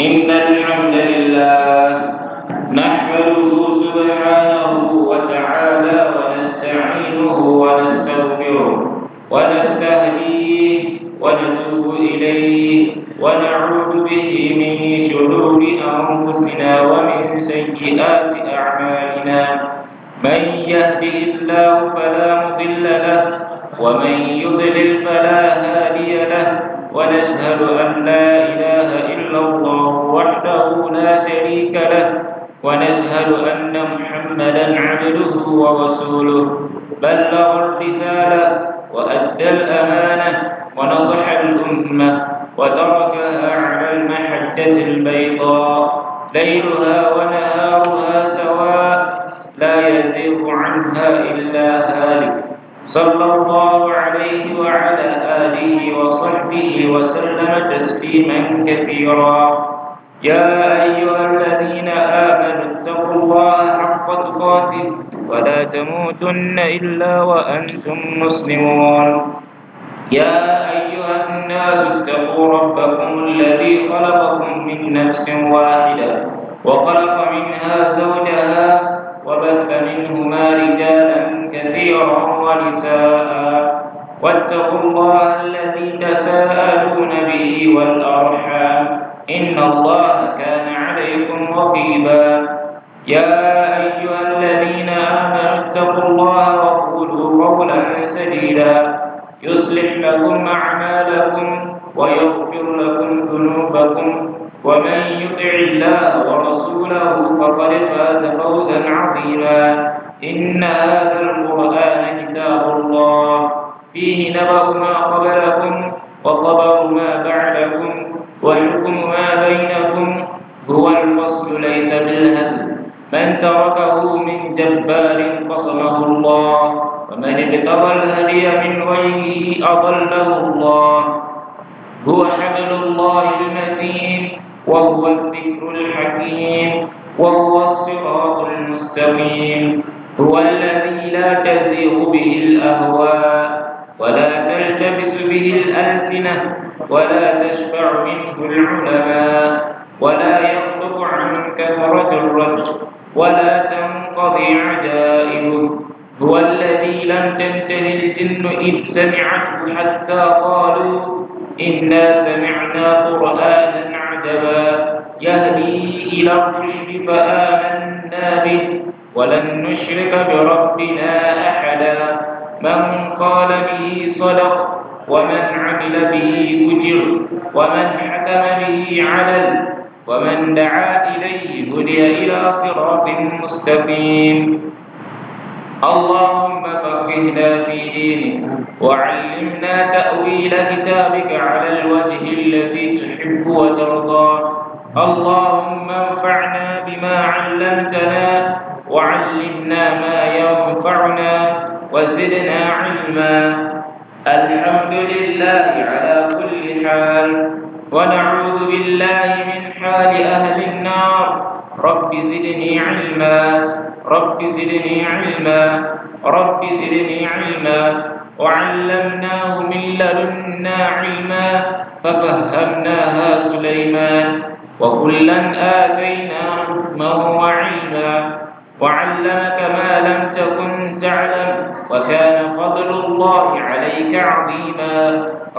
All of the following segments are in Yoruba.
إن الحمد لله نحمده سبحانه وتعالى ونستعينه ونستغفره ونستهديه ونتوب إليه ونعوذ به من شرور أنفسنا له من جبار فصمه الله ومن ابتغى الهدي من غيره أضله الله هو حبل الله المتين وهو الذكر الحكيم وهو الصراط المستقيم هو الذي لا تزيغ به الأهواء ولا تلتبس به الألسنة ولا تشفع منه العلماء ولا يخطب عن كثرة الرجل ولا تنقضي عجائبه هو الذي لم تنتهي الجن إذ سمعته حتى قالوا إنا سمعنا قرآنا عجبا يهدي إلى الرشد فآمنا به ولن نشرك بربنا أحدا من قال به صدق ومن عمل به أجر ومن حكم به عدل ومن دعا إليه هدي إلى صراط مستقيم اللهم فقهنا في دينك وعلمنا تأويل كتابك على الوجه الذي تحب وترضى اللهم انفعنا بما علمتنا وعلمنا ما ينفعنا وزدنا علما الحمد لله على كل حال ونعوذ بالله من حال أهل النار رب زدني علما رب زدني علما رب زدني علما وعلمناه من لدنا علما ففهمناها سليمان وكلا آتينا حكما وعلما وعلمك ما لم تكن تعلم وكان فضل الله عليك عظيما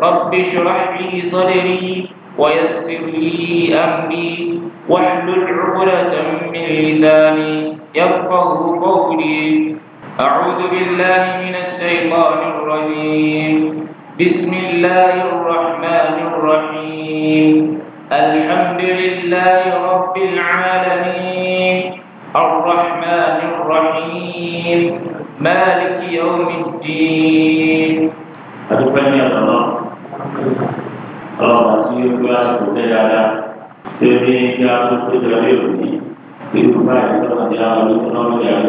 رب اشرح لي صدري ويسر لي أمري واحلل عقدة من لساني يفقه قولي أعوذ بالله من الشيطان الرجيم بسم الله الرحمن الرحيم الحمد لله رب العالمين الرحمن الرحيم مالك lọ́dọ̀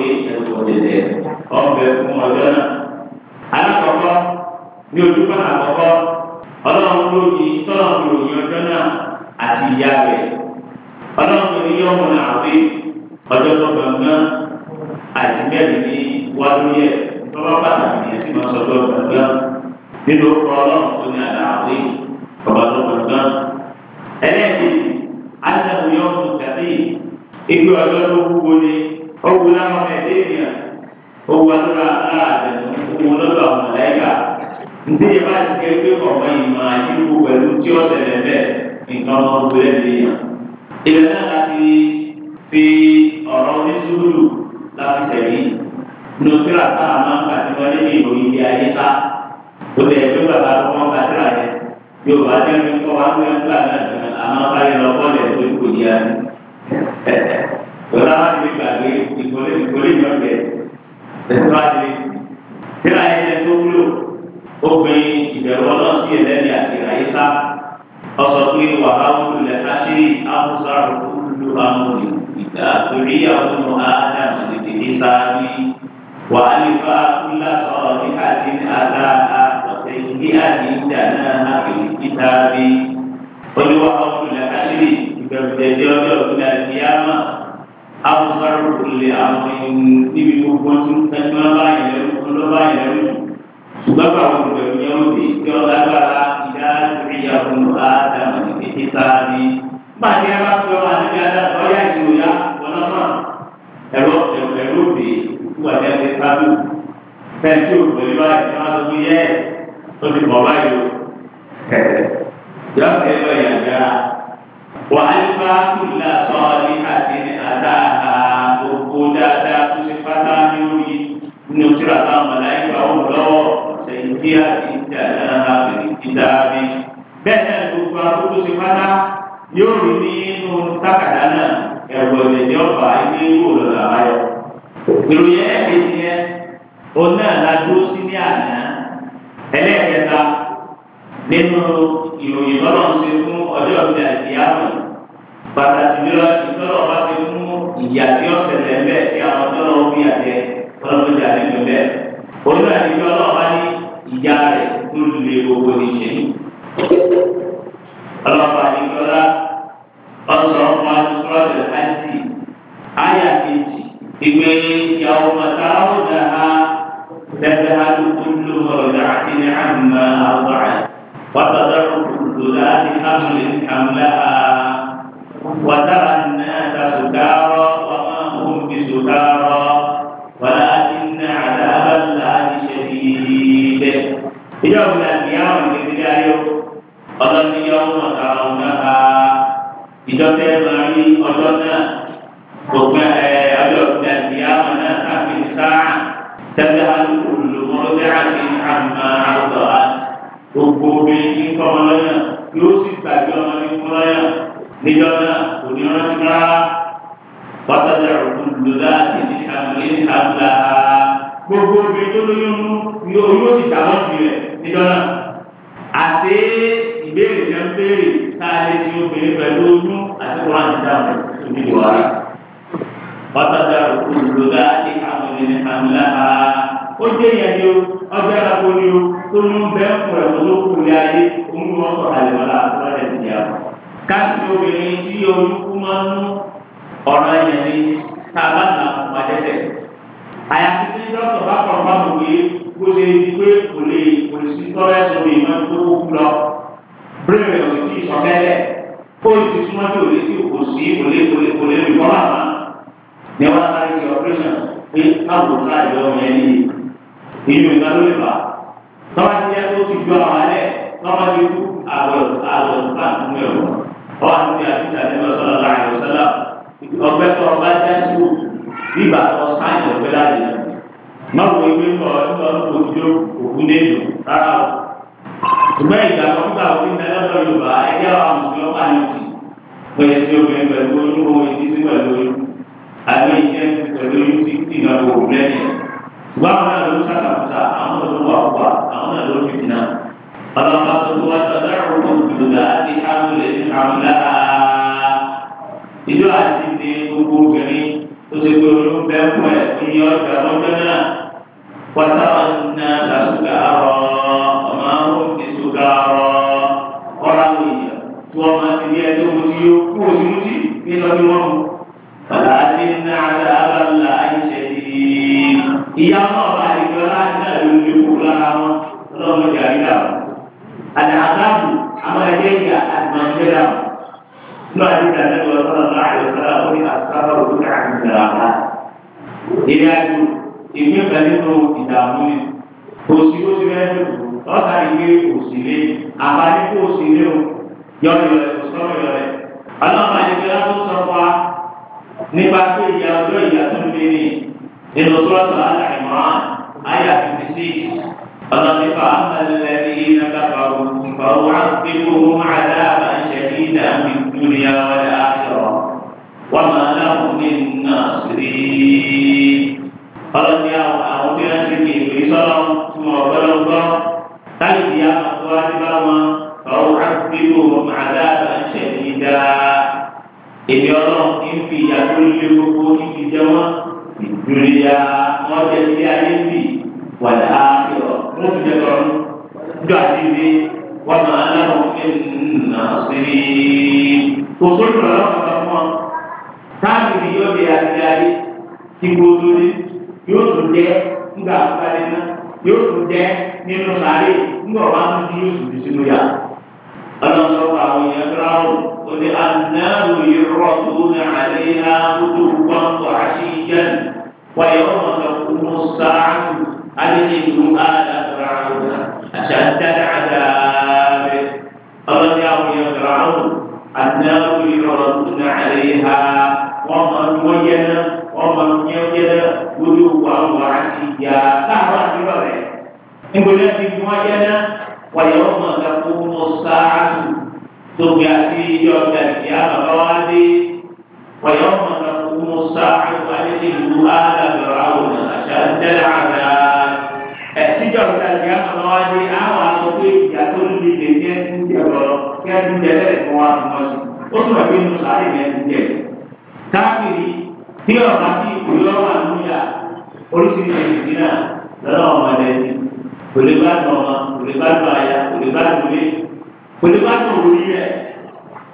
pé ẹ̀sùn òdìdẹ ọbẹ̀ fún ọjọ́ náà. alákọ̀ọ́kọ́ ní ojú bá àkọ́kọ́ ọlọ́run ló di tọ́lọ̀ fi ròyìn ọjọ́ náà àti ìyá rẹ̀ ọlọ́run ní yọ̀mù làwé ọjọ́ tó gbọ̀ngàn àti mẹ́rin ní wáyé tọ́lọ́ pàtàkì ẹ̀ sì máa sọ pé gbọ̀ngàn nínú ọkọ̀ ọlọ́run tó ní àdáwé ọba tó gbọ̀ngàn ẹlẹ́ẹ̀kejì alẹ́ òyìnbó kàdé ìgbé ọjọ́ tó wúwo ni owó láwọn ẹ̀dẹ́ ènìyàn owó alóra lára àtẹ̀tún owó lọ́dọ̀ àwọn mọ̀lẹ́kà ntí yẹn bá ti kẹ́ pé ọ̀pọ̀ ìmọ̀ àyíkú pẹ̀lú tí ó ṣẹlẹ̀ bẹ́ẹ̀ nǹkan ọmọ ògbélé ènìyàn. ìrẹ̀ náà láti fi ọ̀rọ̀ oníṣúlù láti tẹ̀lé nùtírà tá a máa ń kà sí wọlé ní ìròyìn ilé ayé ká ó lè gbé bàbá tó wọn kà síra yẹn yorùbá jẹ́ mi kọ́ wá pé ń gbà náà àmọ́ káyọ̀ lọ́kọ́ lẹ̀ tó kò yá ni lọ́la wá sí gbàgbé ìkọ́lé ìkọ́lé ìyọ̀kẹ́ tẹ̀síwá sí tíra ilẹ̀ tó wúlò obìnrin ìbẹ̀rù ọlọ́sí ẹlẹ́ni àti àyíká ọsọ pé wàhálà olùlẹ̀ káṣírí àbúsá olùlù amòlì ìgbà torí àwọn àdàmù tètè ní sáábí wàhálìfà kúlásọ̀rọ̀ ní àti àdá àkọ̀tẹ̀ ní àti ìdáná àkèlè kíkàbí olùwà olùlẹ̀ káṣírí ìbẹ̀rù tẹ̀lé ọjọ́ ìgbà ìyá awùsọ̀rọ̀ kùlé àwọn níbi gbogbo tí ń tẹ́tí wọn bá yẹ lẹ́rú wọn lọ́ bá yẹ lẹ́rú ṣùgbọ́n bá wọn gbẹ yẹn wọn bí kí wọn lágbára ìdá ìrìyà fún wa dàmú ní kété sáábì. nígbà tí a bá fẹ́ wọn àti ìyá ọ̀yá ìròyà wọn náà ẹ̀rọ ẹ̀rọ bè wà ní ẹgbẹ́ sáábì. pẹ̀ntì òkùnrin báyìí wọn sọ fún ti bọ̀ báyìí o. yọ̀ọ́ kẹ́ وألفى كل صالحة أتاها وقوداتا تصفتا نوري نترتا ملائكة الله سيديات إنتاها من الكتاب bẹ́ẹ̀ náà gbogbo arúgbó ṣe pátá yóò rí nínú tákàdá náà ẹ̀rọ ìrẹ̀lẹ̀ ọ̀fà ilé ìwò lọ́la ayọ̀. ìròyìn ẹ̀ẹ́dẹ̀ẹ́dì yẹn òun náà la dúró sí ní àná ẹlẹ́ẹ̀kẹta nínú rẹ̀ ò ti sọ tẹ́lẹ̀ fóònù ti súnmọ́ tí ò lè tí kò sí kò lè kò lè kò lè rí bọ́lá mọ́. ní wọn sáré ti operation pé káàbò káàdì ọmọ ẹni yìí inú ìgbà ló lè fà. tọ́wọ́ ti yẹ kó ti ju àwọn alẹ́ tọ́wọ́ ti kú àwọ̀ àwọ̀ báńkì mẹ́rọ. ọwọ́ àti bí àti ìtàn ẹgbẹ́ sọ̀rọ̀ láàyè ọ̀sẹ̀lá ọgbẹ́ tó ọba já sí wò bíbà tó sáyẹn ọgbẹ́ láàyè náà. má wo ewé kọ ẹ̀ ṣùgbọ́n ìgbà tó ń gbà wí ní ọlọ́dọ̀ yorùbá ẹgbẹ́ àwọn mùsùlùmí ọ̀pá ní ti pẹ̀lú sí obìnrin pẹ̀lú oyún ohun ìdí sí pẹ̀lú oyún àbí iṣẹ́ pẹ̀lú oyún sí ti ìnáwó lẹ́yìn ṣùgbọ́n àwọn náà ló ń ṣàkàtà àwọn náà ló wà wà àwọn náà ló ń fìdí náà ọlọ́pàá tó tó wá sọ́dọ̀ ọ̀rọ̀ òkùnkùnlá ti hàmúlẹ̀ ní hàmúlá ìjọ àti ti gbogbo obìnrin ọ̀rọ̀ ọ̀rọ̀ àwọn èèyàn tí wọ́n máa ti ní ẹjọ́ mo ti yó kú òsì mú ti ní lọ́dún wọn mú. Bàbá ti ń ná àdá àbálà àìṣẹ́ yìí. Ìyá náà bá ti gbọ́ láti náà ló lè kú lára wọn lọ́wọ́ ìjà ríra. Àdá àbábù àwọn ẹgbẹ́ ìyá àtìmọ̀jẹ́ra. Lọ́ àdìgbà lẹ́gbẹ̀ẹ́ ọ̀sán náà ó ní àsáfà òkúta àti ìdàrà. ni. Òsì ó ti rẹ́ ọ̀tá ìwé òsìlè àbáyé kó òsìlè o yọ̀ọ̀yọ̀ rẹ̀ kò sọ̀rọ̀ yọ̀ rẹ̀ ọlọ́mọ àyẹ̀kẹ́ látó sọ fún wa nípa pé ìyá ọjọ́ ìyá tó lé ní nínú sọ́ọ̀tọ̀ aláìmọ́ràn ayà fifty six ọlọ́ni fàámà lẹ́ni iná kápákó fàáwọ́ àgbẹ̀wò àdáàbà ìṣẹ̀lẹ̀ ìdá mi kúrì àwọn àṣọ wọn máa dáhùn ní nà àwọn tí wọ́n ti kì í tí wọ́n gbọ́dọ̀ táyì ìyá àtọ́ láti bá wọn ọ̀rọ̀ àgbélò ọmọ àdáàbà ń ṣẹ̀lẹ̀ dáa èmi ọlọ́run kì í fi ìyá tó lé gbogbo kí fi jẹ wọn ìdúrà wọn jẹ sí ayé bì wàlá àkìrọ̀ wọn fi jẹ tọrọ jọ àti ilé wọn máa ń lọ ẹnà sírí kò sórí ọ̀rọ̀ ọ̀rọ̀ fún wọn táàbì ni yóò di àti ayé tí gbogbo yóò tún jẹ nígbà àgbàdé náà yóò tún jẹ́ nínú sáré ńgbọ̀ bá tún di yóò sùn sínú yà. ọlọ́sọ̀rọ̀ àwọn èèyàn fúláwọ̀ ó ní anáàrò ìrọ̀ tó ní àlẹ́ iná gbogbo wọn kọ àṣì ìjẹ́ wáyé wọn kọ kúmọ̀ sáájú alẹ́ ìlú àdàbọ̀rà àwọn àṣà dáadáa àdáàbẹ̀ ọlọ́sọ̀rọ̀ àwọn èèyàn fúláwọ̀ anáàrò ìrọ̀ tó ní àlẹ́ iná wọn kọ ọmọ ní ọjọ́ náà lórí òkú àwọn àti ìyá káàbọ̀ àti ìrọ̀lẹ́. nígbòdì àti ìlú wọn jẹ́ náà wàyà ọmọ àgbàkú mọ sáàtù tóbi àti ìyá ọ̀gá ìyá bàbá wa dé wàyà ọmọ àgbàkú mọ sáàtù alẹ́ ìlú alábẹ̀rẹ̀ àwọn àṣà tẹ́lẹ̀ àgbà. ẹ̀ tíjọ́ ọ̀gá ìyá bàbá wa dé àwọn àtọ́kọ́ ìyá tó ń lè jẹ́ ń jẹ́ lọ kí á ń jẹ́ lẹ́ẹ̀kọ́ wa mọ̀ sí. ó tún wà pé nù tí ọ̀rá sí ìlú lọ́wọ́ àlùyà oríṣiríṣi ìdí náà lọ́nà ọmọdé ní kò lè bá dùn ọmọ kò lè bá dùn àyà kò lè bá dùn ilé kò lè bá dùn òwúrí rẹ̀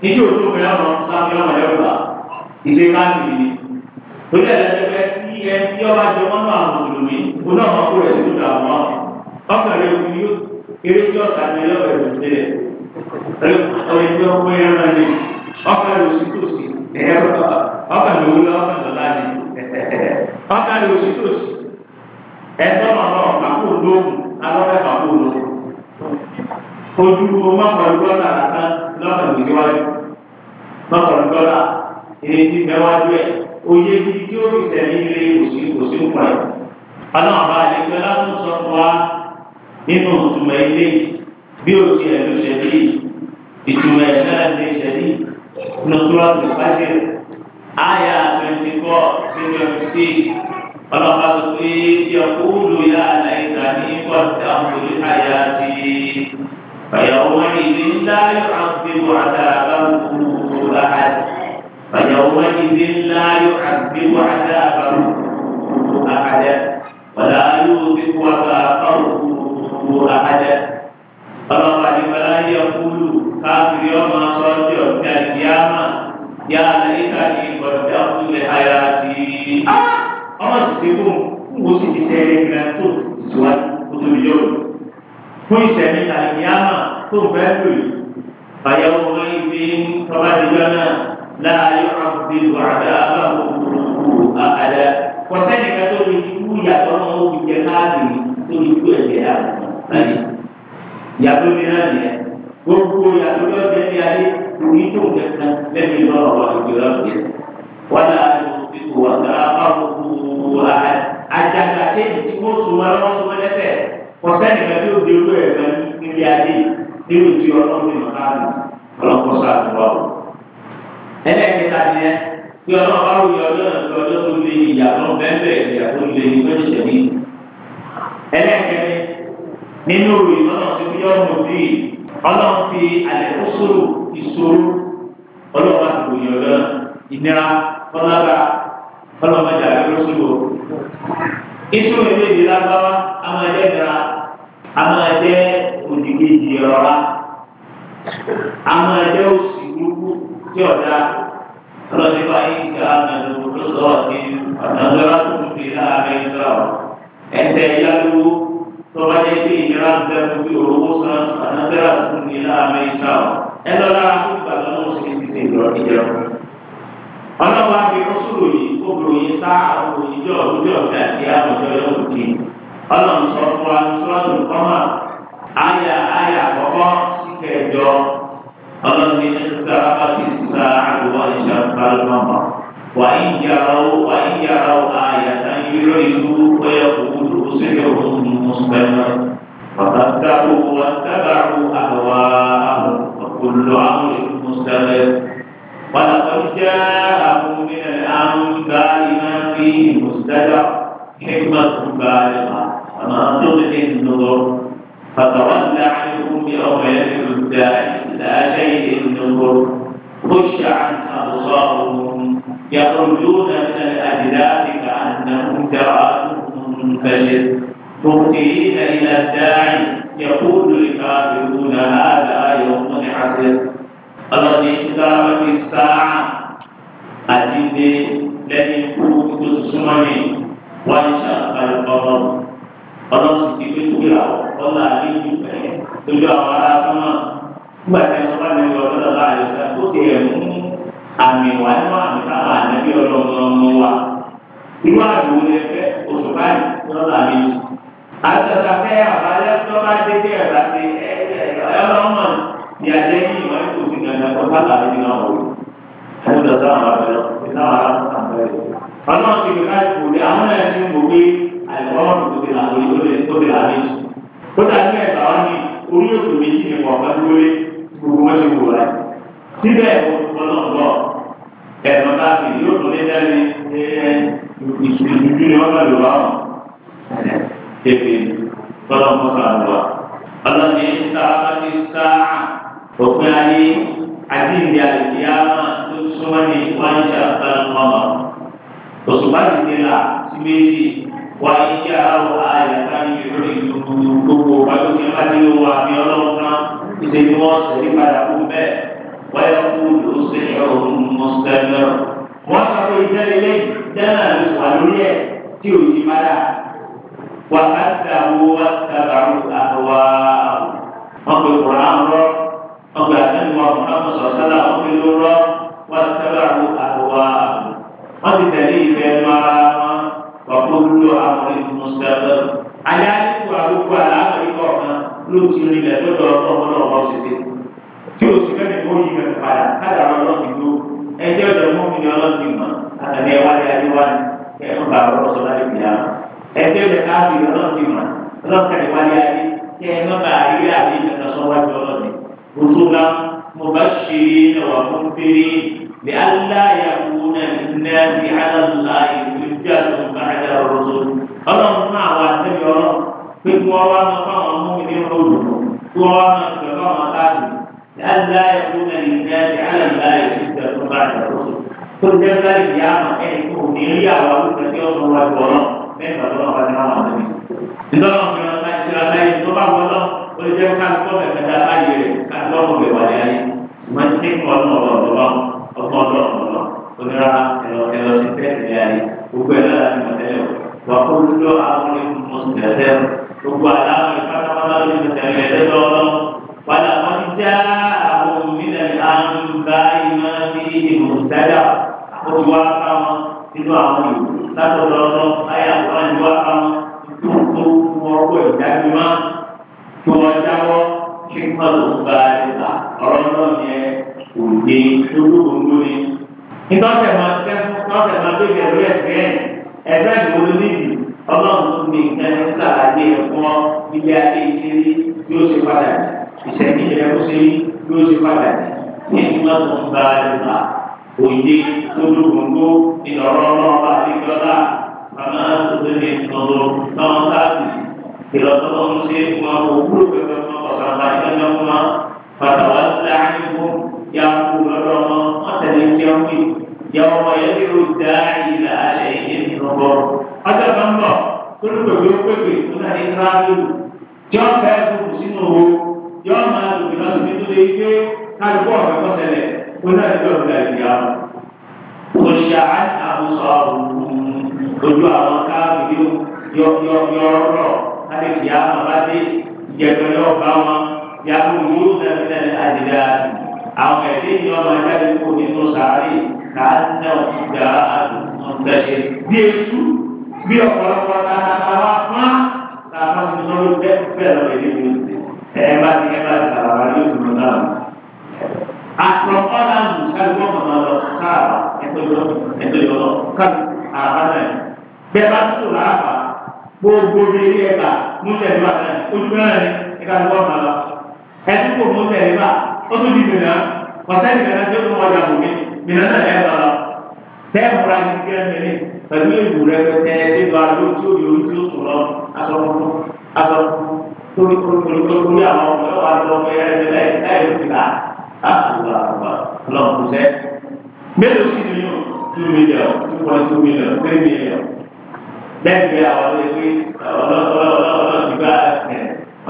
níbi òtún obìnrin ọmọ sáfì ọmọ yorùbá ìṣe káàkiri ni tó lè lẹ́sẹ̀fẹ́ sí ẹ tí ọba jẹ mọ́nú àwọn mùsùlùmí oná ọmọ kó rẹ̀ sínú ìdààmú ọmọ ọkùnrin òkú yóò eré tí ọ̀sà ni ẹlọ́wẹ̀ẹ́ ló ń tẹ̀lé ọkùnrin tí ó ń pẹ́ ni ọkà lówó lọ ọkà lọ láàyè ọkà lè òsì tòsì ẹ̀tọ́ ọ̀nà àpò lóògùn alọ́rẹ̀ àpò lóògùn ojú ọmọ ọ̀rọ̀ dọ́là kan lọ́kà lòdì wájú lọ́kọ̀ọ̀rọ̀ dọ́là èyí ti bẹ́ wájú ẹ̀ oyè bíi tí ó fi sẹ̀mí ilé òsì òsì ń pọ̀ ẹ̀ ọlọ́run bá lè gbé látún sọ fún wa nínú ìtumọ̀ ilé bí ó ti ẹ̀ ló ṣẹ̀lí ìtumọ̀ ẹ̀ náà lè ṣẹ̀lí nùtúrọ̀ tó bàjẹ́ àyà twenty four sí twenty six ọlọ́pàá tó pé yọkúlù yá àlàyé ní kọ́ńtà òkúlù àyà ti fàyàwó ìdí ńlá yóò àti wàdà àbáwò àti fàyàwó ìdí ńlá yóò àti wàdà àbáwò àhàdẹ wàdà yóò ti wàdà àbáwò àhàdẹ ọlọ́pàá ní wàdà yọkúlù káàkiri ọmọ sọ ọdí ọ̀gbìn àti yáàmà yá àlẹ́yìnká ní ìgbọ̀dọ̀ ọ̀gbìn àyà ti. Ah! ọmọ sì ti kún un kó sì ti sẹ́ ẹ̀rẹ́ gan tó ti síwájú kó tóbi yóò fún ìsẹ̀mí àti yáàmà tó fẹ́ lò yìí. bàyà ọmọ ibi tọ́ba ìjọ náà láàyò àbùdí wàdà àbáwò àdá kọ́sẹ́nì kan tó fi kú yàtọ̀ ọmọ òbí jẹ káàkiri tó kú ẹ̀jẹ̀ àbùkù yàtọ̀ mi náà nìyẹn gbogbo yàtúndọ̀ tẹ̀lé ayé òní tó ń kẹta lẹ́yìn lọ́rọ̀ wà lójú lọ́sẹ̀. wọ́n dà á lò sí kò wá sá ọ̀hún àjàgà kéjì tí wọ́n sùn wọn lọ́wọ́ sùn wọn lẹ́sẹ̀ kọ́sẹ́nì kàbí òde owó ẹ̀ gan nílé ayé nínú tí ọlọ́run ní ọ̀ká nù ọlọ́kọ́ sàtúwà o. ẹlẹ́kẹta ni ẹ pé ọlọ́run awùyọ ọjọ́ ọjọ́ tó lé ìyàtọ̀ bẹ́ẹ̀ ìyàtọ̀ lé ní mẹ́sẹ̀ ní. ẹlẹ́kẹrin nínú ìmọ̀ràn sí bí ọ̀nà bíi ọlọ́run fi àlẹ́ kóṣòro ìṣòro ọlọ́run bá ti wòye ọ̀dọ́ ìnira ọlọ́ba ọlọ́run ẹja ìrọ́sòro. ìṣòro ìwé ìdílé agbára a máa jẹ́ ìnira a máa jẹ́ òdìkejì ọ̀rá a máa jẹ́ òsì burúkú tí ọ̀dà ọlọ́run bá yí ìjà àmàlò lọ́sọ̀ọ́ ní ọ̀nà ọ̀dọ́rà tó ń fi láàárín ìgbà ọ̀ ẹ̀sẹ̀ ìyá lówó tó ìnira ń bẹ́ẹ̀ fún bí òru ìta ọ ẹ lọ lára tó gbà lọ́nà ó sì ti ṣe ìlọ ìjẹ ọ. ọlọ́wọ́ àti kọ́sùrò yìí kó ròyìn sáà ròyìn jọ òjò ọ̀gá àti àwùjọ yóò di ọlọ́run sọ fún wa sọ́ọ́dù kọ́mà àyà àyà àkọ́kọ́ sí kẹjọ ọlọ́run ní sábà ti sa فصدقوا واتبعوا أهواءهم وكل أمر مستقر ولقد جاءهم من الأنباء ما فيه مستدع حكمة بالغة فما تغني النظر فتولى عنهم يوم يدعو الداعي لا شيء النذر خش عن أبصارهم يخرجون من الأجداث كأنهم كرات منفجر مهديين إلى الداعي يقول الكافرون هذا يوم حسن الذي كتابت الساعة أجد لن يكون تسمني وانشق القمر ọlọ́run sì ti gbé tó yà wọ́ ọ̀la àlejò bẹ́ẹ̀ lójú àwọn ará sọ́mà nígbà tí wọ́n bá lẹ́yìn ọ̀dọ́ lọ́la àyọ̀sá tó ti ẹ̀ mú àmì wà nínú àmì táwọn ànábì ọlọ́run ọmọ wa irú àmì wo lẹ fẹ́ oṣù báyìí lọ́la àlejò àtàtà fẹ́ àbálẹ́ tó bá dé dé ẹ̀bá ti ọlọ́mọ ní adé yìí wọ́n kò sí gàdá kó sábà nínú àwọn òwe. ẹni tó sọ àwọn abẹ́rẹ́ ìta àwọn aláǹtà bẹ́ẹ̀. ọlọ́run ti gbé káàkiri òde àwọn ẹ̀rọ ti ń bò pé àìkọ́rọ̀ tó ti làwọn ìlú tó ti làwọn ìlú. ó dàbí ẹ̀bá wọn ní orí òtò méjì ní kọ̀ọ̀kan dúró gbogbo wọn ti wò rẹ̀. síbẹ̀ ọlọ́ọ̀gbọ́ ẹ̀rọ tètè tọ́lọ́ mọ́tò àlùwà. ọlọ́ni sábàbí sáà òpin ayé àdínde àdìyàmà tó súnmọ́ ní wáyé àbálẹ̀ mọ́mọ́. òṣùpá ti dé la sí méjì wáyé kí àwọn àyàká ní ìlú ìlú gbogbo wáyé kí wọ́n ti wọ àmì ọlọ́run kan ìṣe ni wọ́n sẹ̀rí padà fún bẹ́ẹ̀ wáyé kú ló ṣe ẹ̀rọ mọ́sítẹ́lẹ̀. wọ́n sọ pé ìtẹ́lẹ̀ lẹ́yìn tẹ́lẹ̀ ló ti wà lórí ẹ̀ tí ò yí padà. وأدعوا واتبعوا أهواءهم وفي القرآن رب وفي النبي محمد صلى الله عليه وسلم وفي النور واتبعوا أهواءهم وفي دليل المرام وكل أمر مستقر أجعلك وأبوك على أمر قوما لوتي لله تدور أمر الله سيدي tí o sì fẹ́mi kó yí mẹ́fẹ́ padà kájà ọlọ́run ti dúró ẹjẹ́ ọ̀dọ́ mọ́mí ni ọlọ́run ti mọ̀ àtàlẹ́ wáyé ayé wáyé ẹ̀ ń bá ọlọ́run sọ láti fi hàn ẹgbẹ́ rẹ̀ káàbì ọlọ́ọ̀tì mọ̀ ọlọ́ọ̀kadì wáyé ayé kí ẹ má bàa rí àbí ìjọba sọ́wájú ọlọ́ọ̀tì rúdúgá mo bá ṣe é wà fún péré bí aláya kúnà nẹ́ẹ̀sì aláàlá ìdújà tó bá dá rọ́dọ̀ ọlọ́run náà wà sẹ́yìn ọlọ́ pé kí wọ́n wá lọ fáwọn mú mi ní ròdù kí wọ́n wá lọ pẹ̀lú àwọn káàbì bí aláya kúnà nẹ́ẹ̀sì aláàlá ìdújà tó bá dá rọ́dọ̀ tó jẹ́ bá ìyá àmọ̀ ẹni kò ní rí àwọn olùkọ́ mẹ́ta lọ́wọ́ bá ní àwọn àmì. ìtọ́nà òfin ọ̀la ìṣẹ̀lẹ̀ aláyé tó bá wọ́n lọ ó lè jẹ́ káàkó mẹ́ta aláyé rẹ̀ káàkó ọ̀gbẹ̀ wà ní ayé. ìmọ̀ ní kí wọ́n lọ ọ̀dọ̀ ọ̀gbọ̀n ọ̀dọ̀ ọ̀gbọ̀n onírà ẹ̀rọ ẹ̀rọ ti tẹ̀sí ayé gbogbo ẹ̀ lára ti mọ̀tẹ́lẹ̀ wà kó lọ àwọn ìmọ̀sílẹ̀ ìmọ̀ sí ìmọ̀sílẹ̀ àkójọ látọ̀dọ̀ ọ̀dọ̀ ayé àwọn ìwà àwọn tó tó wọ́n kó ìdájú máa tó wọ́n jáwọ́ kí n kọ́ ló ń gba ìgbà ọ̀rọ̀ náà yẹ òde olóògbé ni. ìtọ́sẹ̀ máa tẹ́ ìtọ́sẹ̀ máa bèbè ẹ̀rọ ẹ̀fẹ́ ẹ̀fẹ́ ìwòlò níbi ọlọ́run tó ní ìtẹ́ni sàlàyé ẹ̀fọ́ ilé ayé ìṣeré yóò ṣe pàtàkì ìṣẹ́ni ẹ̀kọ́ ṣe yóò ṣe pàtàkì kí n kọ́ ló ń gba ìgbà òye lójúkòkó ìdọ̀rọ̀ ọlọ́ọ̀bá àdìgbọ́lá bàbá àtúntò ní ìtọ́jú táwọn káàdì ìlọ́tọ́ tó ń ṣe fún àwọn òwúrò pẹ̀pẹ̀ fún ọ̀sán àbájáde fún wa bàtàwá sílẹ̀ àyẹ̀wò yà kú lọ́dọ̀ ọmọ wọn tẹ̀lé jẹun bí yàwọ̀ wọ̀nyẹ́ ní o dá ìlà alẹ́ yẹn lọ́wọ́. ọjọ́ kan bọ̀ olùpèpè pèpè fún àyè tíráàlù yọ fẹ́ẹ́ fún sínú owó yọ máa onáìjọ́ ìgbàgbà ọ̀ṣà àbùsọ̀ ojú àwọn káàbù yọ̀ọ̀rọ̀ láti kì á máa bá dé ìjẹ̀dọ̀ yóò bá wọn yàtò yóò tẹ̀lé àdìdá àwọn ẹ̀dẹ́ yìí ọmọ ajáde kò nínú sàárè káàdínà ìgbà àdùnkùnṣe bí esu bí ọ̀pọ̀lọpọ̀ tàbá fún tàbá fún lórí bẹ́ẹ̀ bẹ́ẹ̀ lọ́wọ́ ìdíje ẹ̀ bá ti ẹ̀ bá ti tàbá lórí ìdùnnú náà àtọ̀ ọ̀là ń kálukú ọ̀mọ̀nà lọ káàbà ẹ̀kọ́yọ̀ ẹ̀kọ́yọ̀ lọ káàbà àbá náà bẹ́ẹ̀ bá tó làbà gbogbo délé ẹ̀bà múlẹ̀ ìbá náà ojú náà ni ẹ̀kálukú ọ̀mọ̀nà lọ ẹ̀tú kò múlẹ̀ ìbá ó tún di mìíràn ọ̀sẹ̀ mìíràn tó tún wọjà bòmí mìíràn náà ẹ̀ lọ́lọ́ tẹ́ẹ̀mùra ní gẹ́gẹ́rẹ́ pẹ̀lú èlù rẹ pẹ̀tẹ́ nípa lójú òyòrò tí ó sùn lọ asọ́kùnrin asọ́kùnrin torí àwọn ọmọ ẹ̀wà lọ́mọ ẹ̀rẹ́ láì lókè láà àtúwà àgbà lọ́n kú sẹ́. mélòó sì ni yóò tú mílíọ̀n two point two million three million bẹ́ẹ̀ ni àwọn ẹgbẹ́ ọlọ́ọ̀lọ́ọ̀lọ́ọ̀lọ́ọ̀dìgbà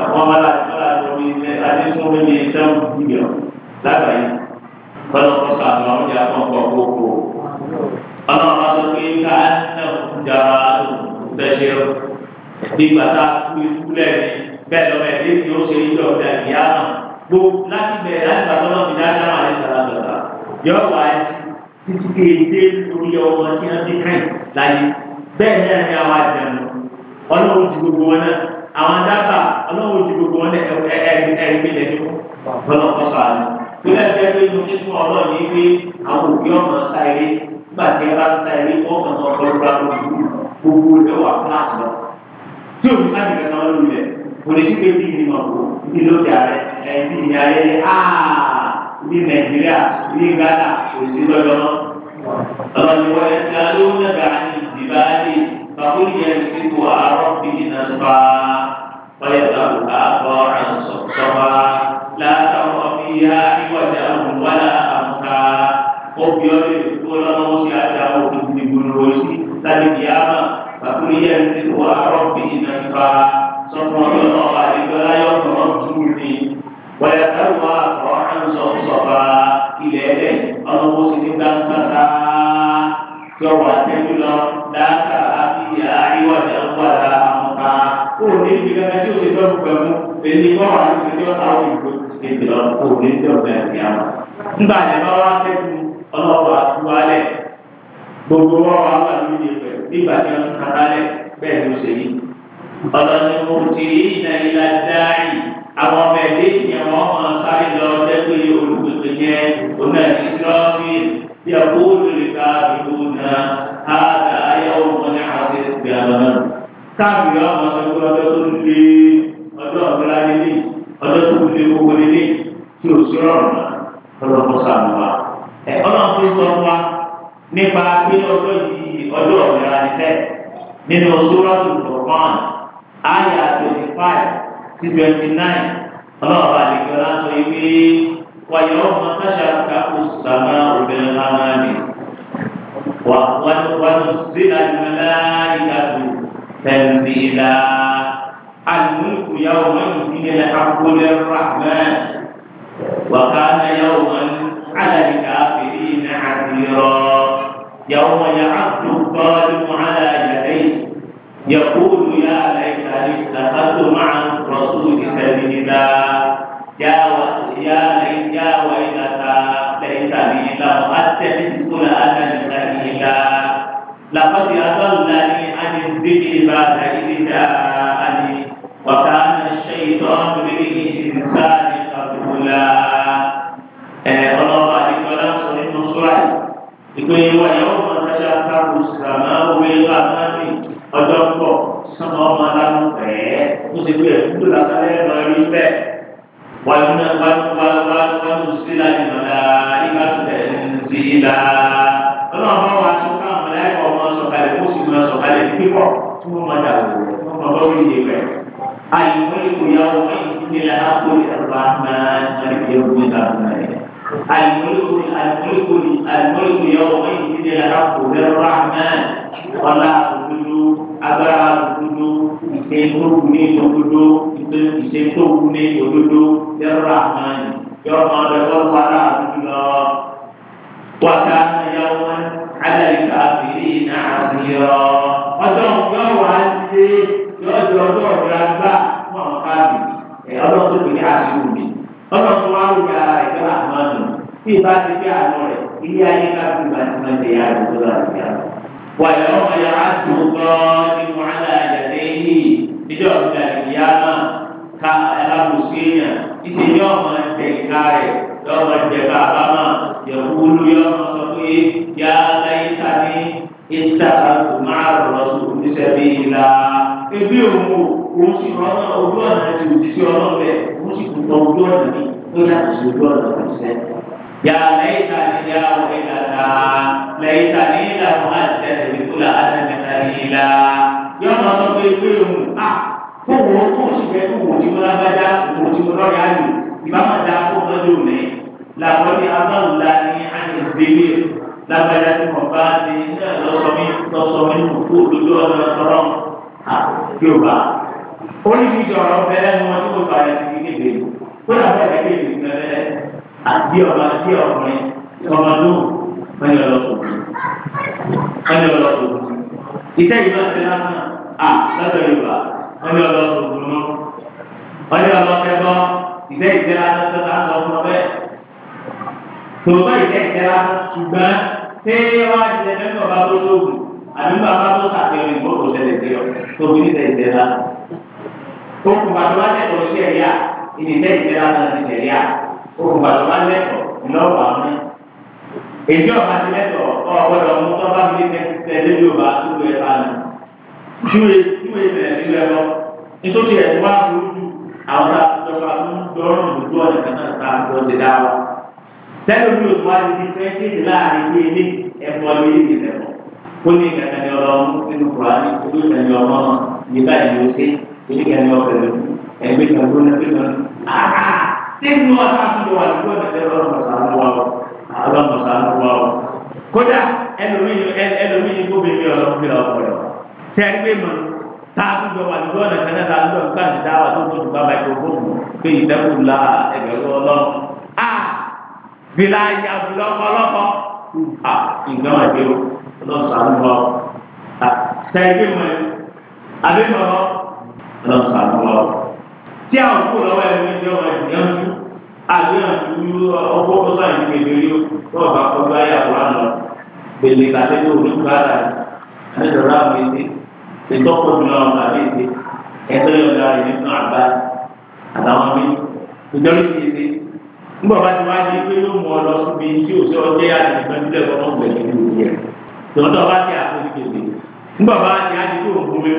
àwọn ọmọláàdìgbà lórí ilẹ̀ adéṣọ́wé ní seven million lágbàáyé kọ́lọ́kọ́ sàmì ọ̀hún yà fún ọkọ̀ gbogbo ọlọ́run bá sọ pé ká ẹ̀ ń jara tẹ̀sẹ̀ nígbà tá a kú ikú lẹ́ẹ̀ni bẹ́ẹ̀ lọ́mọ ẹ̀ lẹ́yìn ó ṣe ilé ọ̀dà ìyá náà gbogbo láti bẹ̀rẹ̀ láti bàtọ́ náà fìdá dáhùn àlẹ́ sàrà lọ́la yọ wá títí kéde orí ọmọ tí wọ́n ti kàn láyé bẹ́ẹ̀ náà ni àwọn àjẹmọ́ ọlọ́run ju gbogbo wọn náà àwọn dábàá ọlọ́run ju gbogbo wọn náà ẹ̀ẹ́dẹ́gbẹ́ lẹ́nu ọlọ́run kọ́sọ̀ àná tó lẹ́sẹ̀ pé inú kíkún ọlọ́run yìí pé àwọn òbí ọmọ sáré nígbà tí ẹ bá sáré wọ́n kàn sọ ọlọ́run gbogbo rẹ̀ fúláàtì lọ tí òbí sáà ẹ̀sìn ìyá yẹn áà ní nàìjíríà ní ghana kò sí lọ́dọ̀ náà. ọlọ́ni wọ́n yẹn ti aló nàgà ní ìdìbà ayé kakúlù yẹn ti kó àárọ̀ bí iná sọ́ba wáyé báwo ká bọ́ àǹsọ̀ sọ́ba látàwọn fi ya ìwádìí àwọn wàlà àmúta òbí ọ̀rẹ́ kó lọ́wọ́ sí àti àwọn òkùnkùn ìgbòho sí láti àmà kakúlù yẹn ti kó àárọ̀ bí iná sọ́ba sọ́kùnrin ọ̀rọ̀ àdìgbọ́lá yọ̀ ọ̀rọ̀ wọ̀lẹ̀ táwọn ọ̀rọ̀ ń sọ sọ̀fà ilẹ̀ ẹ̀rẹ̀ ọlọ́wọ́ sí ní gbàǹgbàǹgbà tí ó wà tẹ́lú lọ dáàkà àti àríwájà ń wà lára àwọn ká kó o ní ibi gẹ́gẹ́ tí o ṣe tọ́jú pẹ̀lú èyí wọ́n wà ní ìṣẹ́jọ́ táwọn ìlú ti ti lọ kó o ní ìṣẹ́ ọ̀gá ẹ̀sìn àwọn. nígbà yẹn bá wá tẹ́jú ọlọ́wọ́ àtúwálẹ̀ gbogbo wọn wà wà lórí ìpẹ̀ nígbà tí wọ́n ọlọ́ni mọ̀tìrìnà ìlà dáì àwọn ọmọ ẹ̀dẹ́ ìyẹn wọn máa sáré lọ dẹ́gbẹ́ olùgbègbè yẹn ọ̀nà ìsirọ́ọ̀bì bí ọkọ̀ olùrìkà ìlú náà á dà ayé ọmọ ní àti ìgbé àlọ́nà. káàbì ọmọ sọ pé ọjọ́ tó ń lé ọjọ́ ọ̀gbẹ́lá nílé ọjọ́ tó ń lé gbogbo nílé tí ò sí rọrùn lọ́dọ̀ kó sàmù wa. ọlọ́run tó sọ wa nípa àyà twenty five sí twenty nine ọlọ́run bá lè gbọ́dọ̀ sọ ibi wàyí ọmọ sáṣà kakú sàmà obìnrin amáni wà wọn sí àlùmọ́lá ìyàtọ̀ tẹ̀síìlà àlùmọ́lùkù yàwó wọn ìdílé àkọlẹ̀ rahman وكان يوما على الكافرين عسيرا يوم يعض الظالم على يديه يقول wàlúùnà wàlúùnà. يعد الظالم على يديه نجوم القيامة كالمسكين إذا يوم الدكار يوم الدكابما يقول يوم صفي يا ليتني اتخذت مع الرسول سبيلا ebi òun òun sì rọ́nà ojú ọ̀nà ti òjijì ọlọ́ọ̀bẹ òun sì kò tọ ojú ọ̀nà mi ó yàtọ̀ sí ojú ọ̀nà kò sẹ́yìn. يا ليتني يا ويلتى ليتني لم أجد مثل أدم قليلا يوم تقيم آه fún wo tó o sì fẹ́ kó wò tí mo lágbájá wò tí mo lọ́ọ̀yà lò ìbámu da kó lọ́dọ̀ mi làwọn ní abáwùlá ní àyẹ̀dẹ́lẹ̀ lágbájá tí mo bá ní lọ́sọ̀mí lọ́sọ̀mí nù kó lójú ọ̀nà ọ̀rọ̀ yorùbá oríṣiríṣi ọ̀rọ̀ bẹ́ẹ̀ ni wọ́n ti kó balẹ̀ sí kékeré kó làwọn ẹ̀ka kékeré bẹ́ẹ̀ àti ọba sí ọkùnrin ọba tó wọ́n yọ lọ sọ̀rọ̀ wọ́n yọ lọ sọ̀rọ̀ iṣẹ́ yìí lọ́sẹ̀ lásán à lọ́sẹ̀ yorùbá wọ́n yọ lọ sọ̀rọ̀ mọ́ wọ́n yọ lọ sẹ́gbọ́ iṣẹ́ ìṣẹ́ lásán tó lásán ọkùnrin bẹ́ẹ̀ tòótọ́ iṣẹ́ ìṣẹ́ lásán ṣùgbọ́n ṣé wọ́n á ṣe ẹgbẹ́ ọba tó lóògùn àbí bàbá tó ṣàfihàn ìgbó kò ṣẹlẹ̀ sí ọ tóbi níṣẹ́ ìṣẹ́ lásán ó kùn bàtọ́ wá òkùnkà tó bá lẹ́tọ̀ọ́ ìlọ́wọ́ àmì èdè ọ̀gá ti lẹ́tọ̀ọ́ ọ̀gbọ́dọ̀ mú tọ́ba mi lẹ́tẹ̀ tẹ̀lé yorùbá tó lọ ẹ̀ka nù tíwèé tíwèé bẹ̀rẹ̀ nílẹ̀ lọ nítorí ẹ̀ tó wá lójú àwọn àtúntọ́fà tó ń dọ́rùn lójú ọ̀nà kan náà ta àgbọ̀ ti dá wa tẹ́lẹ̀ ojú òtún wá ti fẹ́ kéde láàrin pé ilé ẹ̀fọ́ lé ilé ìtẹ̀fọ́ ó ní ìkàkàní ọlọ́run nínú kùránì ó ní ọmọ yìí báyìí ló ṣe é ní ìkàkàní ọ̀fẹ́ lójú ẹgbẹ́ kan tó ń gbé kan áá sínú àtàkùn wà lójú ọ̀nà tẹ́lẹ̀ ọ̀rọ̀ mọ̀sánú wa o àlọ́ mọ̀sánú wa o kódà ẹlòmíyìn gómìnà ọ̀rọ̀ fi lọ ọ̀pọ̀ rẹ̀ tẹ́lẹ̀ pé mọ̀ táàkùn jọ wà lójú ọ̀nà tẹ́lẹ̀ ta lójú ọ̀nà tẹ́lẹ̀ dáwà tó tó dùgbà máikrófóònù pé ìdẹ́kùn la ẹgbẹ̀rún ọlọ́run a fìlà ayé àbúlọ́kọ́lọ́kọ́ a nǹkan wà dé o ọlọ́sàánú wa o tẹ́lẹ̀ pé mọ̀ tí àwọn kò lọ́wọ́ ẹ̀ ní ìjọ wọn ìyá ń tú àbí àtúnyú ọgbọ́ ọgbà ìgbèlè rí wọn bá kọ́ bá yà wà lọ gbèlè kàtẹ́ tó ní gbàdà àdéhùn àwọn ètè ètò ọkọ̀ jùlọ àwọn àbí ètè ẹ̀tọ́ yọ̀ọ̀dà rẹ̀ nínú àbá àtàwọn mi ìjọba ti ètè nígbà bá ti wá di pé yóò mú ọ lọ síbi tí o ṣe ọjọ́ yà ti gbẹ́ nílẹ̀ fọmọ gbẹ̀lẹ̀ ní òun yẹ tòótọ́ bá ti àkóso kèké nígbà bá ti á di pé òun bomi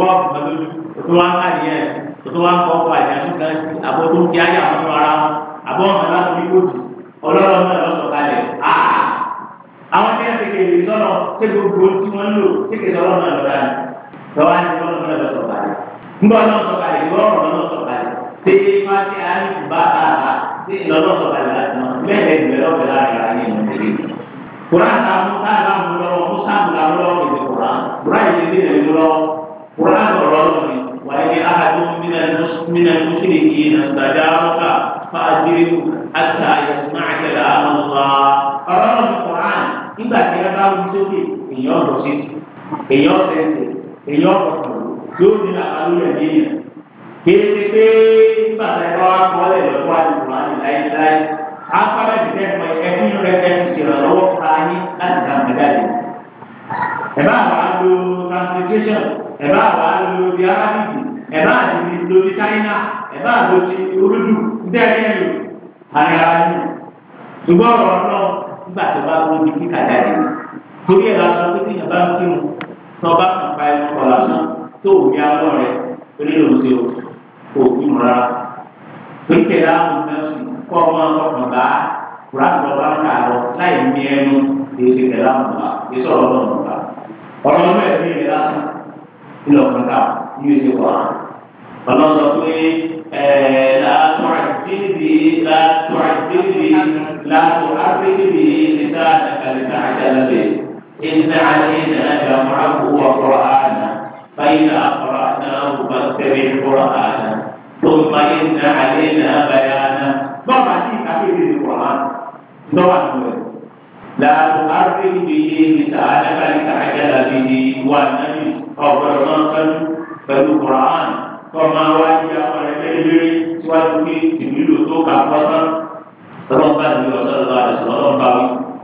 wọn kan lójú òun tòtò wa kọ́ ọkọ̀ àjàmú kan sí àbọ̀ tó ń di ayé àwọn ọmọ ara wọn àbọ̀ ọmọ ẹ̀rọ àti wíwòdì ọlọ́rọ̀ ọmọ ẹ̀rọ sọ̀kalẹ̀ áá àwọn tí wọ́n ti kéde sọ́nà ṣé gbogbo tí wọ́n lò ṣé kéde ọlọ́rọ̀ ẹ̀rọ dání lọ́wọ́ àti ọlọ́rọ̀ ẹ̀rọ sọ̀kalẹ̀ ńgbọ́ ọlọ́rọ̀ sọ̀kalẹ̀ lọ́rọ̀ ọlọ́rọ̀ sọ̀kalẹ̀ ṣé má ti àárín bá a ṣe lọ́rọ̀ sọ̀kalẹ̀ láti من المشركين استجارك فأجره حتى يسمع كلام الله ọ̀rọ̀ náà ní koran nígbà tí ẹ bá wí sókè èèyàn ọ̀rọ̀ sí èèyàn ọ̀sẹ̀ǹsẹ̀ èèyàn ọ̀pọ̀tọ̀ yóò ní àbálòyè nìyẹn kéde pé nígbà tí ẹ bá wá kọ́ ẹ̀ lọ́wọ́ àdìgbò àti láéláé afárá ìdílé ẹ̀fọ́ ẹ̀fún rẹ̀ ẹ̀fún ṣèrànlọ́wọ́ fún ayé láti dá àgbàjáde ẹ̀ bá wàá lo transportation ẹ̀ bá wàá lo bí arábìkì ẹ̀bá àti ti lórí China ẹ̀bá àti ti olódù dẹ́rẹ́ ẹ̀lò ara ara ni ṣùgbọ́n ọ̀rọ̀ náà nígbà tó bá wọ́n di kíkà jáde torí ẹ̀ lásán pé kí ìyàbá ń kírun tó bá kàn pa ẹnu kọ̀ lásán tó ò ní alọ́ rẹ̀ onílòsí o kò kí mu rárá pé kẹlẹ́ àwọn mẹ́sì kọ́ ọmọ ọkàn bá kúrásì ọba ń kà lọ láì mí ẹnu kì í ṣe kẹlẹ́ àwọn ọba kì í sọ̀rọ̀ ọlọ́run ọba ọ̀rọ̀ mẹ́rin ẹ̀ lásán ńlọkàn káà ní oṣù wa ọlọ́sọ pé ẹ̀ látọ̀ àdébì látọ̀ àdébì látọ̀ àdébì níta àtàkàlẹ́ta àjálẹ̀ ìnà àlẹ́yìn àjà mọ́àkú ọ̀kọ̀rọ̀ àná báyìí àkọ̀rọ̀ àná òkúta tẹ̀lé ìkọ̀rọ̀ àná tó ń bá ìnà àlẹ́yìn àbáyá àná bọ́ọ̀bà sí ìkàkéde ìkọ̀rọ̀ àná lọ́wọ́ àtúwẹ̀. لا تحرك به لسانك لتعجل به والنبي أو رمضان pẹ̀lú Quran kó máa wá sí àwọn ẹgbẹ́ ìlérí síwájú pé ìbílò tó kà pọ́tán tọ́lọ́ bá ti lọ sọ́dọ̀ lọ́wọ́ àti sọ́dọ̀ bá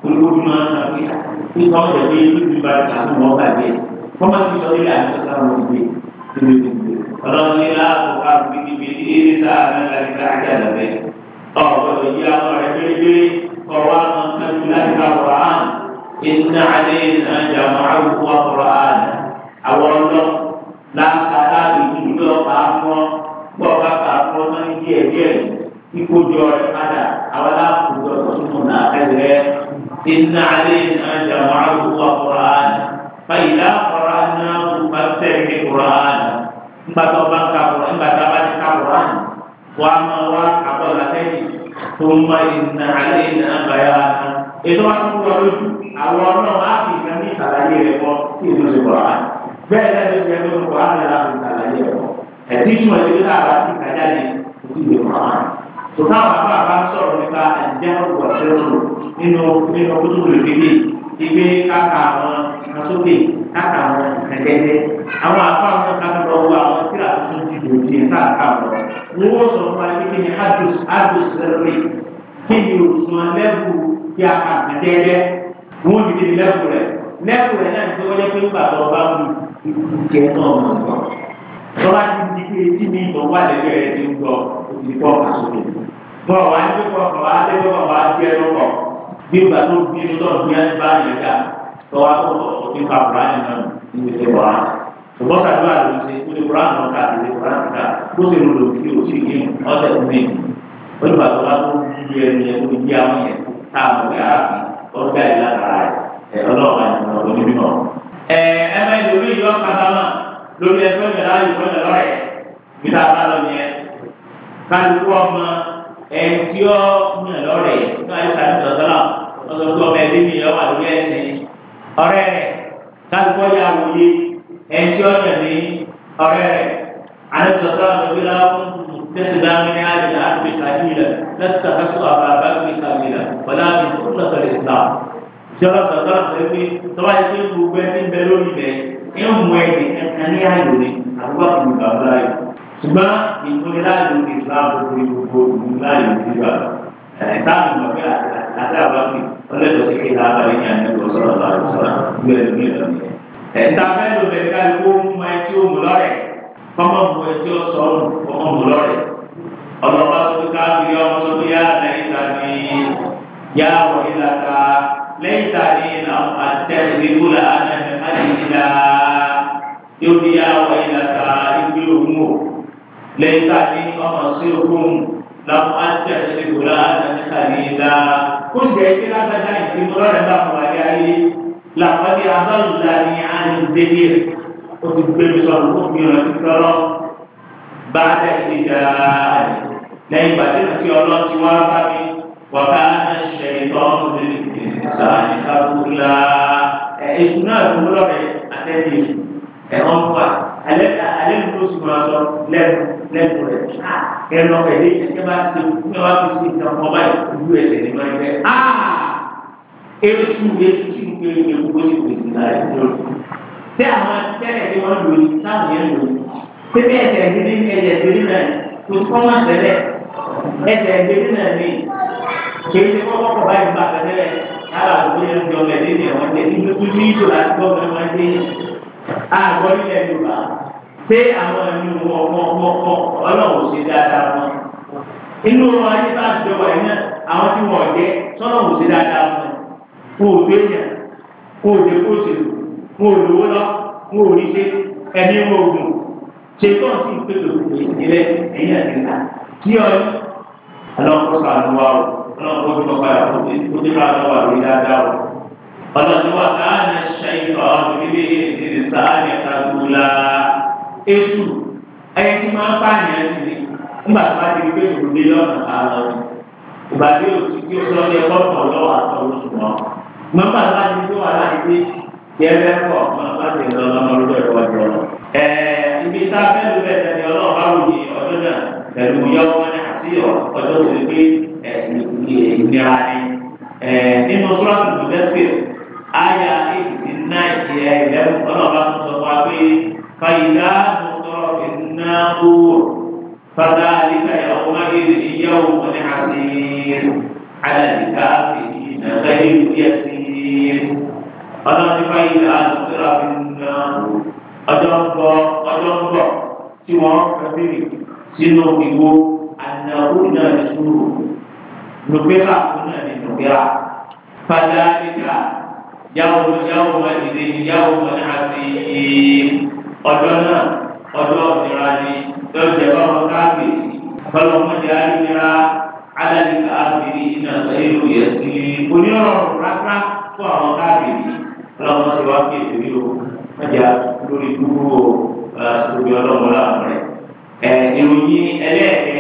wí olùkójú máa ń sàpé nípa ọ̀sẹ̀ pé ìlú ti bá ìta fún wọn bàjẹ́ wọ́n máa ti sọ ilé àti sọ́dọ̀ wọn ti gbé síbi ìdìbò ọlọ́run ilé ààbò káàkiri bìtìbìtì eré sáà náà láti ká àjà lọ́bẹ̀ ọ̀gbọ́dọ̀ yí àwọn ẹgbẹ́ ìlérí ọ̀wá àwọn kan láti ká Quran إن علينا جمعه وقرآنه أولا látara ìdílé ọba afọ gbọba afọ náà díẹ̀ díẹ̀ ìkójọ rẹ padà àwọn aláàkójọ tuntun náà ẹlẹ iná alẹ náà jàmọ àgùkọ kuran fàyìlá kuran náà bá tẹ̀lé kuran ńgbàtọ bá ka kuran ńgbàtọ bá ti ka kuran wàá ma wá àbọ̀ làtẹ́yìn tó ma iná alẹ náà bàyà náà ètò àtúntò lójú àwọn ọlọ́run á fi ìgbà ní ìsàlàyé rẹ̀ kọ́ sí ìdúró kuran bẹ́ẹ̀ lẹ́yìn ìgbẹ́ ló ń wà lára ìtàlàyé ẹ̀kọ́ ẹ̀sìn ìṣúná ìlú lára ti kàjá ní ìdílé kọ́má. Sọ̀tàn bàbá bá sọ̀rọ̀ nípa àjẹ́ ọ̀pọ̀lọpọ̀ nínú nínú kótó olùdíje ìgbé káka àwọn asókè káka àwọn ìtẹ̀jẹ́jẹ́. Àwọn afá wọn ká lọ wọ àwọn tí a tún ti lò di ẹ̀ka àkàwọ̀. Wọ́n wọ́n sọ fún wa kí ni adùs adùs lẹ́rọ̀lẹ́ kí ni òṣùwọ̀n lẹ́bù kí a kà ìtẹ̀jẹ́jẹ́. Wọ́n dìde lẹ́bù rẹ̀ lẹ́bù rẹ̀ náà ti wọ́n yẹ kí ń gbàgbọ́ bá wù jẹ náà mọ̀ gbọ́. Tọ́lá ti di pé tí mi ìbọn wà lẹ́gbẹ̀ẹ́ rẹ̀ ti ń gbọ́ òsì pọ̀ àsòkè. Bọ́ọ̀ wá ní pípọ̀ bàbá lẹ́gbẹ̀ẹ́ bàbá ti lọ́pọ̀. Bí ìgbà tó bí inú náà bí ẹni bá yẹn ká tọ́wá tó ti fa Kùránì náà ní ìwé ìwà. Ṣùgbọ́n sàdúrà ló ṣe kó lè Kùránì náà ká àti lè Kùránì ká kó sì rò lòdì kí òsì yìí ọ̀sẹ̀ tó ní. Olùbà tó bá tó bí ẹni yẹn tó bí àwọn yẹn tá a mọ̀ ah, ẹmẹ lórí yọ kàtàmà lórí ẹfẹ mẹlá yìí lọrẹ gbígbà bá lọ yẹn kálukú ọmọ ẹtí ọ mẹ lọrẹ ní ayé sáré sọsọlá ọsọsọ ọmọ ẹbí mi yọ wà lórí ẹsìn ọ̀rẹ́ rẹ̀ kálukú ọyà wòye ẹtí ọ yẹ ní ọ̀rẹ́ rẹ̀ ayé sọsọlá lórí làwọn tẹsílá mi ní ayé làwọn fi kàdí rẹ lẹsítà fẹsọ àbàbà fi kàdí rẹ wọlé àbí fúnlọsọ lè sá tí ọlọ́pàá tó àṣẹ pé tọ́wá yẹ kí gbogbo ẹni bẹ lórí rẹ̀ ẹ ń mú ẹni kankan ní ààyò rẹ̀ àbúrò àbúrò bàbá rẹ̀ ṣùgbọ́n ìtòlẹ́ láàyò ní ìsìláàmù ní gbogbo ìlú láàyò ní ìgbà táàmù ọ̀gbẹ́ àti àbáfi ọlẹ́dọ̀ sí kí láàbà ní àyẹ̀wò sọ̀rọ̀ láàrú sọ̀rọ̀ gbẹ̀rù ní ìlànà yẹn. ẹ̀ta fẹ́ẹ́ lò bẹ̀rẹ̀ ká ló mú ẹ tí ó mú lọ́rẹ̀ kọ́mọ́ mú ẹ tí ó sọ ọ́ kọ́mọ́ mú lọ́rẹ̀ ọlọ́pàá sọ lẹ́yìn tá a ní iná àtẹ̀síwú la ẹ̀fẹ̀ àdìsílá yóò di àwọ̀ ìlàkà ìgbé òun o lẹ́yìn tá a ní ọmọ sí òkun làwọn àtẹ̀síwú la ẹ̀fẹ̀ àdìsílá kó sì jẹ́ kí lágbájá ìfimúrọ̀ rẹ̀ bá fọwọ́ ayé ayé làkọ́dí abáwùlá ní àdìsílé o ti gbé mi sọ̀rọ̀ fún mi ọ̀rọ̀ títọ́rọ̀ bá a tẹ̀síwú lẹ́yìn gbàdúrà tí ọlọ́ ti wá bá mi. وكان الشيطان للإنسان خذولا ètò náà tó ń lọ́rẹ̀ àtẹ́lẹ̀ ètò ẹ̀rọ ń fa alẹ́ alẹ́ ló sì máa sọ lẹ́nu lẹ́nu rẹ̀ ẹ̀rọ ẹ̀dẹ́ ẹ̀kẹ́ bá ti fún ẹ wá fi sí ìtàn ọba ìlú ẹ̀sẹ̀ ní máa ń fẹ́ á ètò ètò tí ń pè é gbogbo sì pèsè náà ẹ̀ ló tẹ àwọn tẹ́lẹ̀ tí wọ́n lò ní táwọn yẹn lò ní tẹ́lẹ̀ ẹ̀sẹ̀ ìdílé ẹ̀sẹ̀ ìdílé náà kò tó kọ́ kéde kọ́ kọ́kọ́ báyìí bá a tẹ́lẹ̀ yàrá àdúgbò yẹn ń jọ mẹ́ ní ìyẹn wọ́n tẹ̀ ní gbogbo ní ìjọ láti gbọ́ mẹ́ wọ́n dé àgọ́ nílẹ̀ Yorùbá pé àwọn ẹni wọn kọ́kọ́ ọlọ́run ṣe dáadáa wọn inú wọn ayé bá ti jọba yẹn náà àwọn tí wọn jẹ sọlọ́run ṣe dáadáa wọn kò tó yẹn kò dé kó ṣèlú kò lówó lọ kò rí ṣe ẹni wọn ògùn ṣe tó ń sì ń pèsè òkùnkùn ìdílé ẹ̀yìn àti ìlà kí ọ ọlọ́run o ọlọ́run kó tó padà kó tó bá lọ́wọ́ àrùn dáadáa o. ọlọ́run wà káàní ṣẹ́yìnbá ọdún níbi ìdílé sáàní kàdúrà ètù ẹni tí máa ń pààyàn sí ni nígbà tó bá ti rí pé òun lé lọ́nà àlọ́ ni ìgbà tí ó ti kí ó sọ ní ẹgbọ́n kan lọ́wọ́ àtọ́ oṣù mọ́ mọ́mọ́ aláàbí tó wà láti gbé yẹ́rẹ́ pọ̀ máa bá ti lọ lọ́mọ lórí ẹ̀kọ́ jọ. ibi fẹ́ lu bẹ́ẹ̀ ìnira ni nínú sọ́ọ̀tù mọ̀lẹ́sẹ̀ àyà eighty nine ẹ̀ eleven ọlọ́ọ̀bá tó sọ wá pé fàyídá tó sọ iná owó fàdá àdìgbà ìyàwó máyèrè ìyàwó mọ̀lẹ́ àti àdàdìgbà ìnà lẹ́yìn ìwúyẹ̀ sí ọlọ́ọ̀ni fàyídá tó sọ iná ọjọ́ ń bọ̀ ọjọ́ ń bọ̀ tí wọ́n fẹ́ bèrè sínú ìwo àdàkùn náà ní sùúrù nùpẹ́rà fún ẹni nùpẹ́rà fàdáníkà yàwó yàwó ìdè yàwó àti ọjọ́ náà ọjọ́ ìnira ni lọ́jọ́ báwọn káàkiri bọ́lọ́mọdé àìnira alálìkà àbìrì iná sẹ́yìn òye sí onírọ̀rùn rárá fún àwọn káàkiri lọ́wọ́ ti wá kéde rí o mọ̀jà lórí dúró ṣùgbọ́n ọlọ́mọlá rẹ̀ ìròyìn ẹlẹ́ẹ̀kẹ́.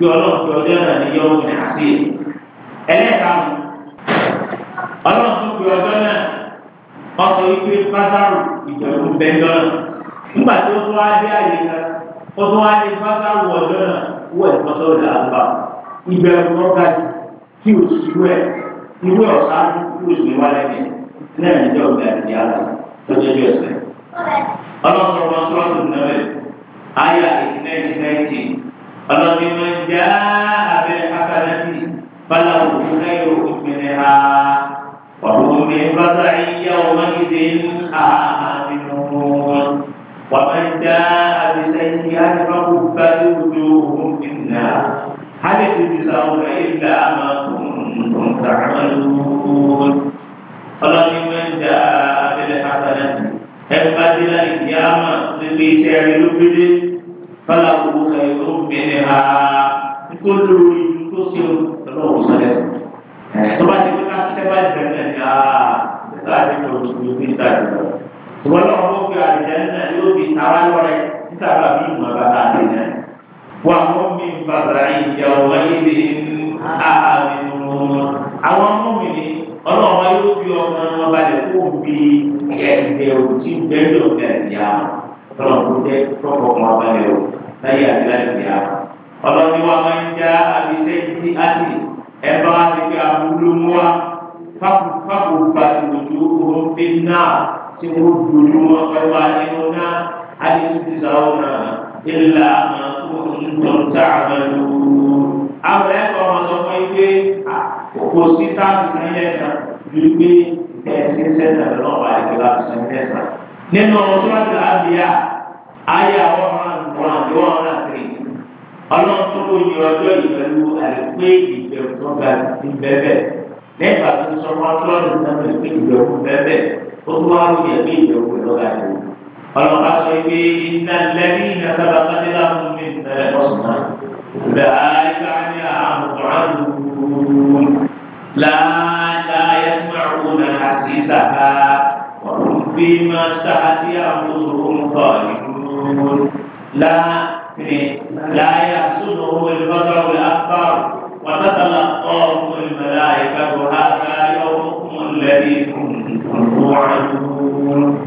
kí ọlọ́run fi na náà ní yọ̀wò ní àṣìyẹ ẹlẹ́ẹ̀karùn tó na ọjọ́ náà ọkọ̀ ìpè pásáàrù ìjọ̀rù bẹ́ńdọ́ náà nígbà tó tó wá dé àyè kan ó tó wá dé pásáàrù na náà wọ ìfọ́sọ́ ìlà àgbà ìbẹ̀rù ọ̀gá tí ò sí wẹ̀ ìwé ọ̀sá tí ò sí wálẹ̀ ní náà níjọ́ ìgbà ìdí àlọ́ lọ́jọ́jọ́ ẹ̀sẹ̀ ìdí ọlọ́ni máa ń já abẹ́rẹ́ afẹ́rẹ́sì fọlá òkú lẹ́yìn òkú mẹ́rin ha ọ̀rọ̀ mi bàtà ìyá ọmọ ìdè ńlá nínú wọn wọ́n máa ń já abẹ́rẹ́ ìyá ìfọwọ́ gbájú ojú òun ìlà hali tujzaun illa ma kuntum ta'malun ọlọ́ni máa ń já abẹ́rẹ́ afẹ́rẹ́sì ẹ̀ bá dé láì yá mà níbi iṣẹ́ rẹ̀ ló gbé dé. fọlá owó kẹyọ tó bẹ̀rẹ̀ ha nítorí lórí ju tó ṣe o lọ́wọ́ wò sọ́lẹ̀ tó bá ti ká sẹ́wà ìbẹ̀rẹ̀ ní a nígbà tí mo ti fi fi ta jù lọ. ṣùgbọ́n lọ́wọ́ tó fi àjẹ́ náà yóò fi tara lọ́rẹ̀ níta bá mi mọ̀ bá ta ti náà. wà á mọ̀ mi bàbá ìjà ọ̀wá yìí ní àhàmì nù. àwọn ọmọ mi ni ọlọ́wọ́ yóò fi ọmọ wọn balẹ̀ kó o fi ẹ̀ẹ́dẹ̀ òtí bẹ́ẹ̀ tọ́lọ̀ tó jẹ́ tọ́kọ̀ kan abalẹ̀ o láyé àdìlá ìgbìyà ọlọ́ni wa máa ń já abisẹ́ ti àti ẹ̀bá wa ti fi àbúrò mú wa fáfù bàtì ojú oorun fi náà tí wọ́n dojú wọn pẹ̀lú àdínú náà àdínú ti sàrọ̀ náà ìlà ìtọ̀ntà àmàlù. àwọn ẹ̀kọ́ wọn sọ fún yín kò sí táàbù kan yẹn ju pé ẹ̀sìn sẹ́ńtà lọ́wọ́ àdìgbò láti sẹ́ńtà nínú sọ́ọ́tì àbíyá ayé àwọn ọmọ àgbọ̀n àti wọn ọ̀rọ̀ àtìrì ọlọ́run tó kó yẹ ọjọ́ yìí pẹ̀lú àìpé ìbẹ̀rù tó ga ti bẹ́ẹ̀ lẹ́yìn àti sọ́mọ́ ọlọ́run náà lè pé ìbẹ̀rù bẹ́ẹ̀ ó tún wá lóye pé ìbẹ̀rù pẹ̀lú ọ̀gá rẹ̀ ọlọ́run á sọ pé iná lẹ́rí iná sábà kájí láwọn mi ìtẹ̀lẹ̀ lọ́sùnmá ìbẹ̀rù àìsàn àmọ̀tàn فيما سعت يأمرهم خالدون لا إيه؟ لا يحسنهم الفزع الأكبر وتتلقاه الملائكة هذا يومكم الذي كنتم توعدون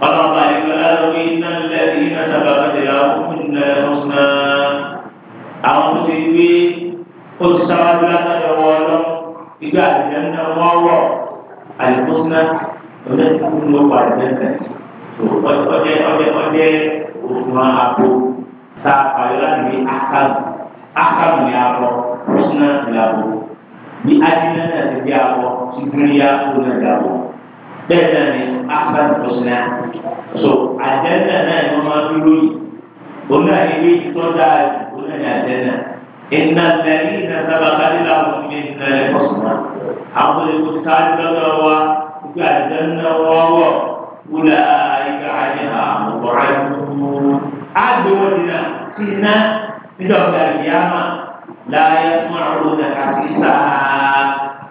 قال ذلك الأرض إن الذين سبقت لهم من الحسنى أو تسيبي قد سبقت لك الأولى إذا أجلنا الله الحسنى ọjọ́ tí kúkú ló wà lẹ́sẹ̀ tó ọjọ́ ọjọ́ ọjọ́ òfin àpò tá a pàyọ́ láti ní akáàbù akáàbù ní abọ́ kùsùnà ní abọ́ ní adínà náà ti di abọ́ tìgírí abọ́ náà di abọ́ bẹ́ẹ̀ náà ní akáàbù kùsùnà so àjẹ́ńdà náà ni wọ́n máa dúró yìí òun náà ní méjì tó dáa jù òun náà ní àjẹ́ńdà iná lẹ́yìn iná sábà kárí làwọn ọmọ mi ní ìlẹ̀ kọ̀sùnà àwọn olùkọ́ sáájú lọ́dọ̀ wa kí àjẹ́nà wọ́wọ́ wúlà ìgbà àjẹ́ àmọ̀bọ̀rẹ́ àgbẹ̀wò nínà sí iná nígbà ọ̀gá ìyáàmà láyé fún àwọn olùdàkàtì sáà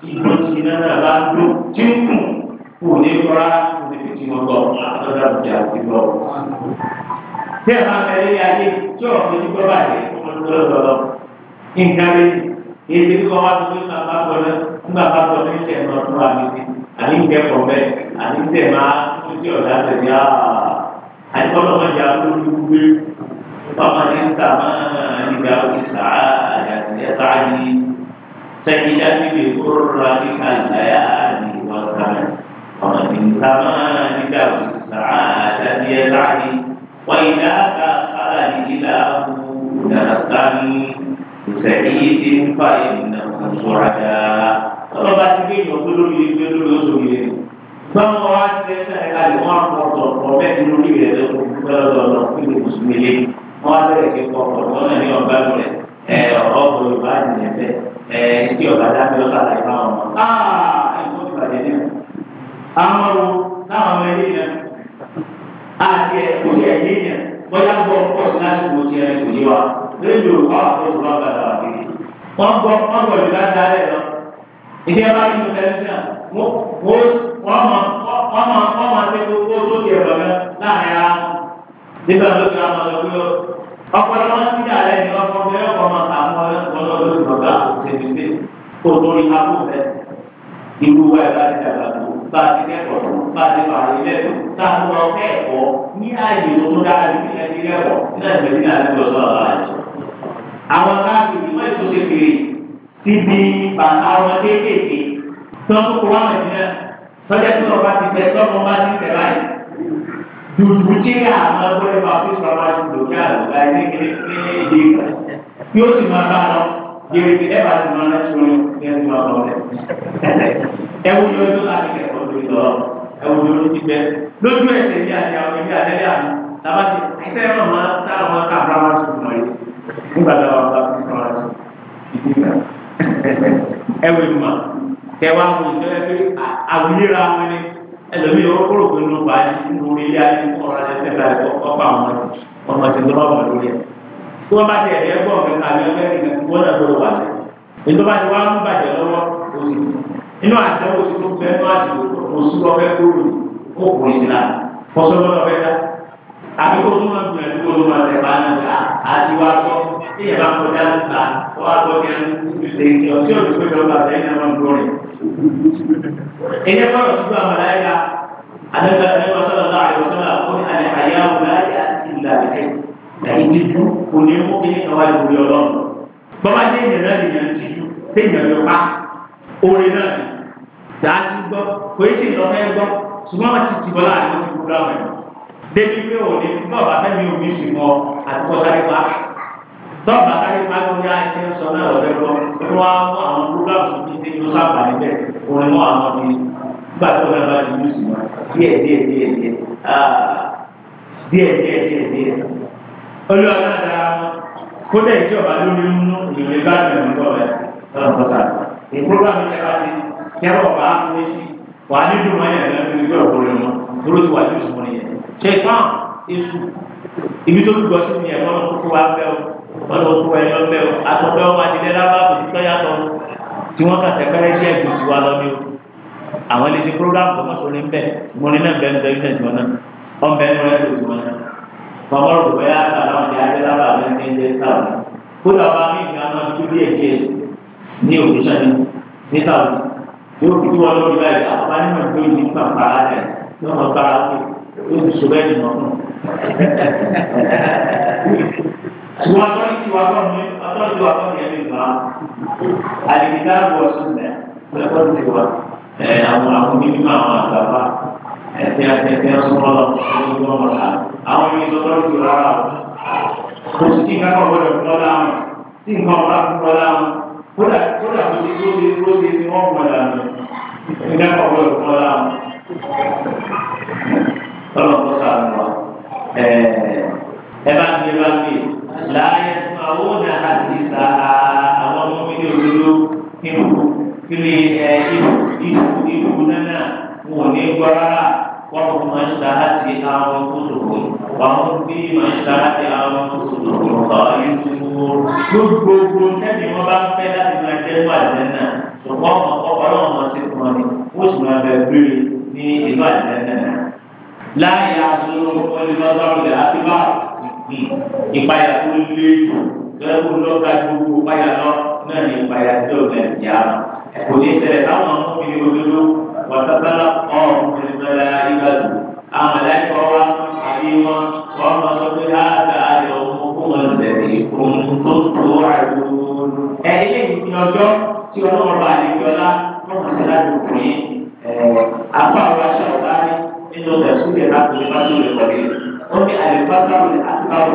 ìdó tí iná náà bá ń dó tí ń kù kò ní kọ́ra kò ní fi tí wọ́n gbọ́ àtọ́jà ìjà ti gbọ́. Tí ẹ̀ máa fẹ́lẹ́ yá yé tí ọ̀rọ̀ ní gbọ́ bàjẹ́ ọmọdé lọ́dọọdọ. Nǹkan rẹ̀ èdè kọ́ wá sí pé bàbá bọ̀ náà ń bàbá àyíkẹ́kọ̀ọ́ bẹ́ẹ̀ àyíkẹ́ máa títí ọ̀dà tẹ̀lé à ah, àyíkọ́lọ́ máa jà lórí gbé bàbá ní ta máa ní ga òkè sàá àyàtìlẹ̀ sáà ní sẹ́yìn dájú lè kóró ra ní kàlàyà ní ìwà sáà ọ̀nà ní ta máa ní ga òkè sàá àyàtìlẹ̀ sáà ní wàyíná ká sáà ní ilà ààbò ìdáná sáà ní ìsẹ̀yìn tí ń fa ìnáwó sọ̀rọ̀ dáa tọ́lọ́ bá ti gbé ìyọ̀ tó lórí ilé tó lórí oṣù ilé báwọn wá ti ẹsẹ̀ ẹ̀ka lè wọ́n àwọn ọ̀tọ̀ ọ̀pọ̀ bẹ́ẹ̀ ti lórí rẹ̀ lọ́wọ́ lọ́lọ́lọ́ kí ló sùn ilé wọ́n á bẹ̀rẹ̀ kí kọ́ ọ̀pọ̀ lọ́nà ní ọ̀gá rẹ̀ ẹ̀ ọ̀pọ̀ yorùbá nìyẹn bẹ́ẹ̀ ẹ̀ kí ọ̀gá dábẹ́ ọ̀sà láì bá wọn. ẹ̀kọ́ ìpàdé náà àwọn ọ̀rọ̀ táwọn ọmọ ẹ̀yìn náà àti ẹ̀kọ́ ẹ̀yìn náà bọ́yá gbọ́ pọ̀ sí láti wo ti ẹ̀kọ́ yìí wa lórí yorùbá àti òṣùwọ̀n bàtà wà ìdí ẹ̀rọ àti tẹlifíà wọ́n máa ṣe gbogbo sókè ọ̀rọ̀ rẹ láàrin ara wọn. nígbà tó ti àwọn ọ̀dọ́ gbé ọpọlọ wọn ti dà lẹ́yìn ọkọ bẹ́ẹ̀ ọkọ máa ta àwọn ọlọ́dọ̀ lórí bàbá òṣèlú tó lórí akó rẹ̀. irú wa ẹ̀rọ àti dàgbà tó bá a ti kẹ́kọ̀ọ́ tó bá a ti fà á ilé tó tá a lọ kẹ́kọ̀ọ́ ní ààyè tó tó dára ní ilẹ̀ ti kẹ́kọ̀ọ́ nígbà síbi bàtà wọn kéékèèké tọ́kù kó wà mẹ́tìrẹ́ sọ́jà tí wọ́n bá ti tẹ tọ́kù wọn bá ti tẹ báyìí dùdú tí àwọn agbóyè máa fi sọ̀rọ̀ àti lòdì àlùkà ní kékeré ní ìgbà yóò sì máa bá lọ jèrèjì ẹ bá ti máa lọ sí orin ní ẹni máa bọ̀ rẹ̀ ẹwù yóò tó láti kẹ́kọ̀ọ́ lórí lọ ẹwù yóò ti bẹ lójú ẹsẹ̀ ní àti àwọn ẹbí àtẹ́lẹ́ àná tàbá ti ẹsẹ̀ náà máa tá àwọn káàbá wá sí ìmọ̀ yìí nígbà táwọn bá fi sọ̀rọ̀ àti ìdí náà. ẹwẹ mọ tẹwàá mọ ìṣẹlẹ pé àwòyíra wọn ni ẹlòmíì wọn kúrò pé nínú bá yín nínú orí ilé ayé ọ̀rọ̀ alẹ́ tẹ́lẹ̀ àti ọ̀pá àwọn ọmọ ti lọ́wọ́ ọmọ lórí ẹ̀. tí wọ́n bá ti ẹ̀rí ẹgbọ́n kẹta àbí ọgbẹ́ nìkan tí wọ́n náà gbọ́dọ̀ wà lẹ̀. ètò bá ti wá ń bàjẹ́ lọ́wọ́ oṣù inú àtẹ oṣù tó fẹ́ tó àti oṣù tó fẹ́ kúrò ọkùnrin ti la fọ́sọ́lọ́ bí ìyá kò dá ta wọ́n á lọ kẹ́ ẹ̀ ọtí òtún pé lọ́ba àti ẹ̀yìn náà ń gbọ́rẹ̀. ẹ̀yẹ bọ́lọ̀ sí àwọn aláìka àdàgbà ẹ̀yẹ wọn sọ̀rọ̀ náà àyọ̀ sọ̀rọ̀ àkó ní àlẹ́ àyà wọn láyé àti ìlànà ẹ̀ láyé ti dú kò ní mú kí nìkan wá lórí ọlọ́run. bọ́lá dé ìyẹn náà nìyẹn ti dú dé ìyẹn ló pa orin náà ni dàá ti gbọ́ kò í sì lọ fẹ́ gbọ́ ṣùgbọ́n wọn ti tìbọ́ láàrin wọn ti kú láwọn ẹ̀ débi pé òní bọ́ọ̀ bá fẹ́ mi ò ní sùn mọ́ àtúkọ́ sáré pa dọ́ọ̀bà káyọ̀ máa ń yá ẹsẹ̀ sọ náà lọ́dẹ lọ kí wọ́n á mú àwọn programs bíi tí yóò sábà níbẹ̀ òun mọ́ àwọn ọmọ yìí nígbà tó náà bá ti yúùsì wọn díẹ̀ díẹ̀ díẹ̀ díẹ̀ ah, díẹ̀ díẹ̀ díẹ̀ díẹ̀ olúwa náà dára wọn kódà ìjọba lórí ń ìwé bá mi ò ń bọ̀ rẹ̀ lọ́nà ní program yẹn bá ti kẹ́rọ̀ bá mi sí wà á nílùú wọn yẹn lẹ́nu ìgbẹ́ òkúrin wọn dúró ti wà yúùsì wọn yẹn ṣe ìfọ̀n ibi tó dùgbọ́ sí mi ẹ̀ lọ́nà kókó wa fẹ́ o wọn lọ kó ẹyọ mẹ o atọ́jọ́ wọn ti lẹ́la bá kò sí tọ́yàtọ̀ tí wọ́n kàn tẹ́pẹ́rẹ́ sí ẹ̀gbọ́n sí wa lọ ní o àwọn lè ṣe programu tó mọ̀sọ̀rọ̀ ń bẹ̀ mo ní náà bẹ́ẹ̀ ń tẹ́lẹ̀ tẹ́lẹ̀ wọn náà wọ́n bẹ́ẹ̀ ń rẹ́ lò sí wọn náà wọn rò bẹ́ẹ̀ àtàwọn ti adélábà ló ń tẹ́lẹ̀ sáwọn kódà bá mi ìgbà náà tó bí èké ní òkúta ní ní sáwọn yóò fi wọn lórí báyìí àpá nínú ìgbé yìí pàpà rẹ̀ yóò mọ̀ bára ó ti Semua orang itu apa ni? Atau itu apa dia juga? Ada kita buat sunnah. Berapa tu buat? Eh, aku aku ni juga orang apa? Eh, tiap tiap tiap semua orang semua orang. Aku ni seorang juara. Khusus tinggal kau boleh pulang. Tinggal orang pulang. Pulang pulang khusus khusus khusus semua pulang. Tinggal kau boleh pulang. Tolong pesan. Eh, hebat hebat ni.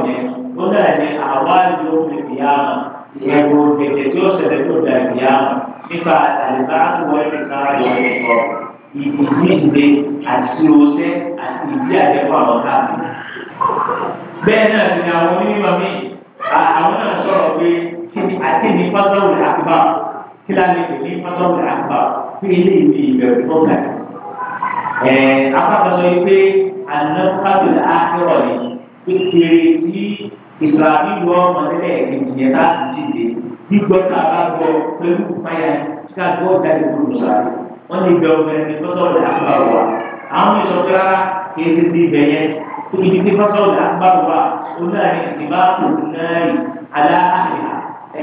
yẹn ó náà ní àwájú òfin ìyáàmà ìyẹn kò tètè tí ó ṣẹlẹ̀ tó da ìyáàmà nípa àlùbá wọlé kára ìwọlé kọ ìdílé àti oṣẹ àti ìdí àjẹpọ̀ àwọn káàkiri. bẹ́ẹ̀ náà ni àwọn onímọ̀ mi àwọn náà sọ̀rọ̀ pé àti ní pátọ́wù àkùbá kí láti pè ní pátọ́wù àkùbá fún ilé ìwé ìbẹ̀rù tó ga. ẹ̀ afábọ̀sọ yìí pé pèsè tí ìsìlámù lọ mọ̀lẹ́lẹ̀ ìdíyẹ láti dìde gbígbọ́ tá a bá gbọ́ pẹ̀lú fáyà ká gbọ́ jáde kúrò sáré wọ́n ti bẹ ọmọ ẹni fọ́sọ̀rọ̀ lágbà wà àwọn ìsọ̀tọ̀ rárá kìí ti ti bẹ̀ yẹn tóbi ti fọ́sọ̀rọ̀ lágbà wà onáàrin ìdìbò àpòlùnáàrin aláàbìà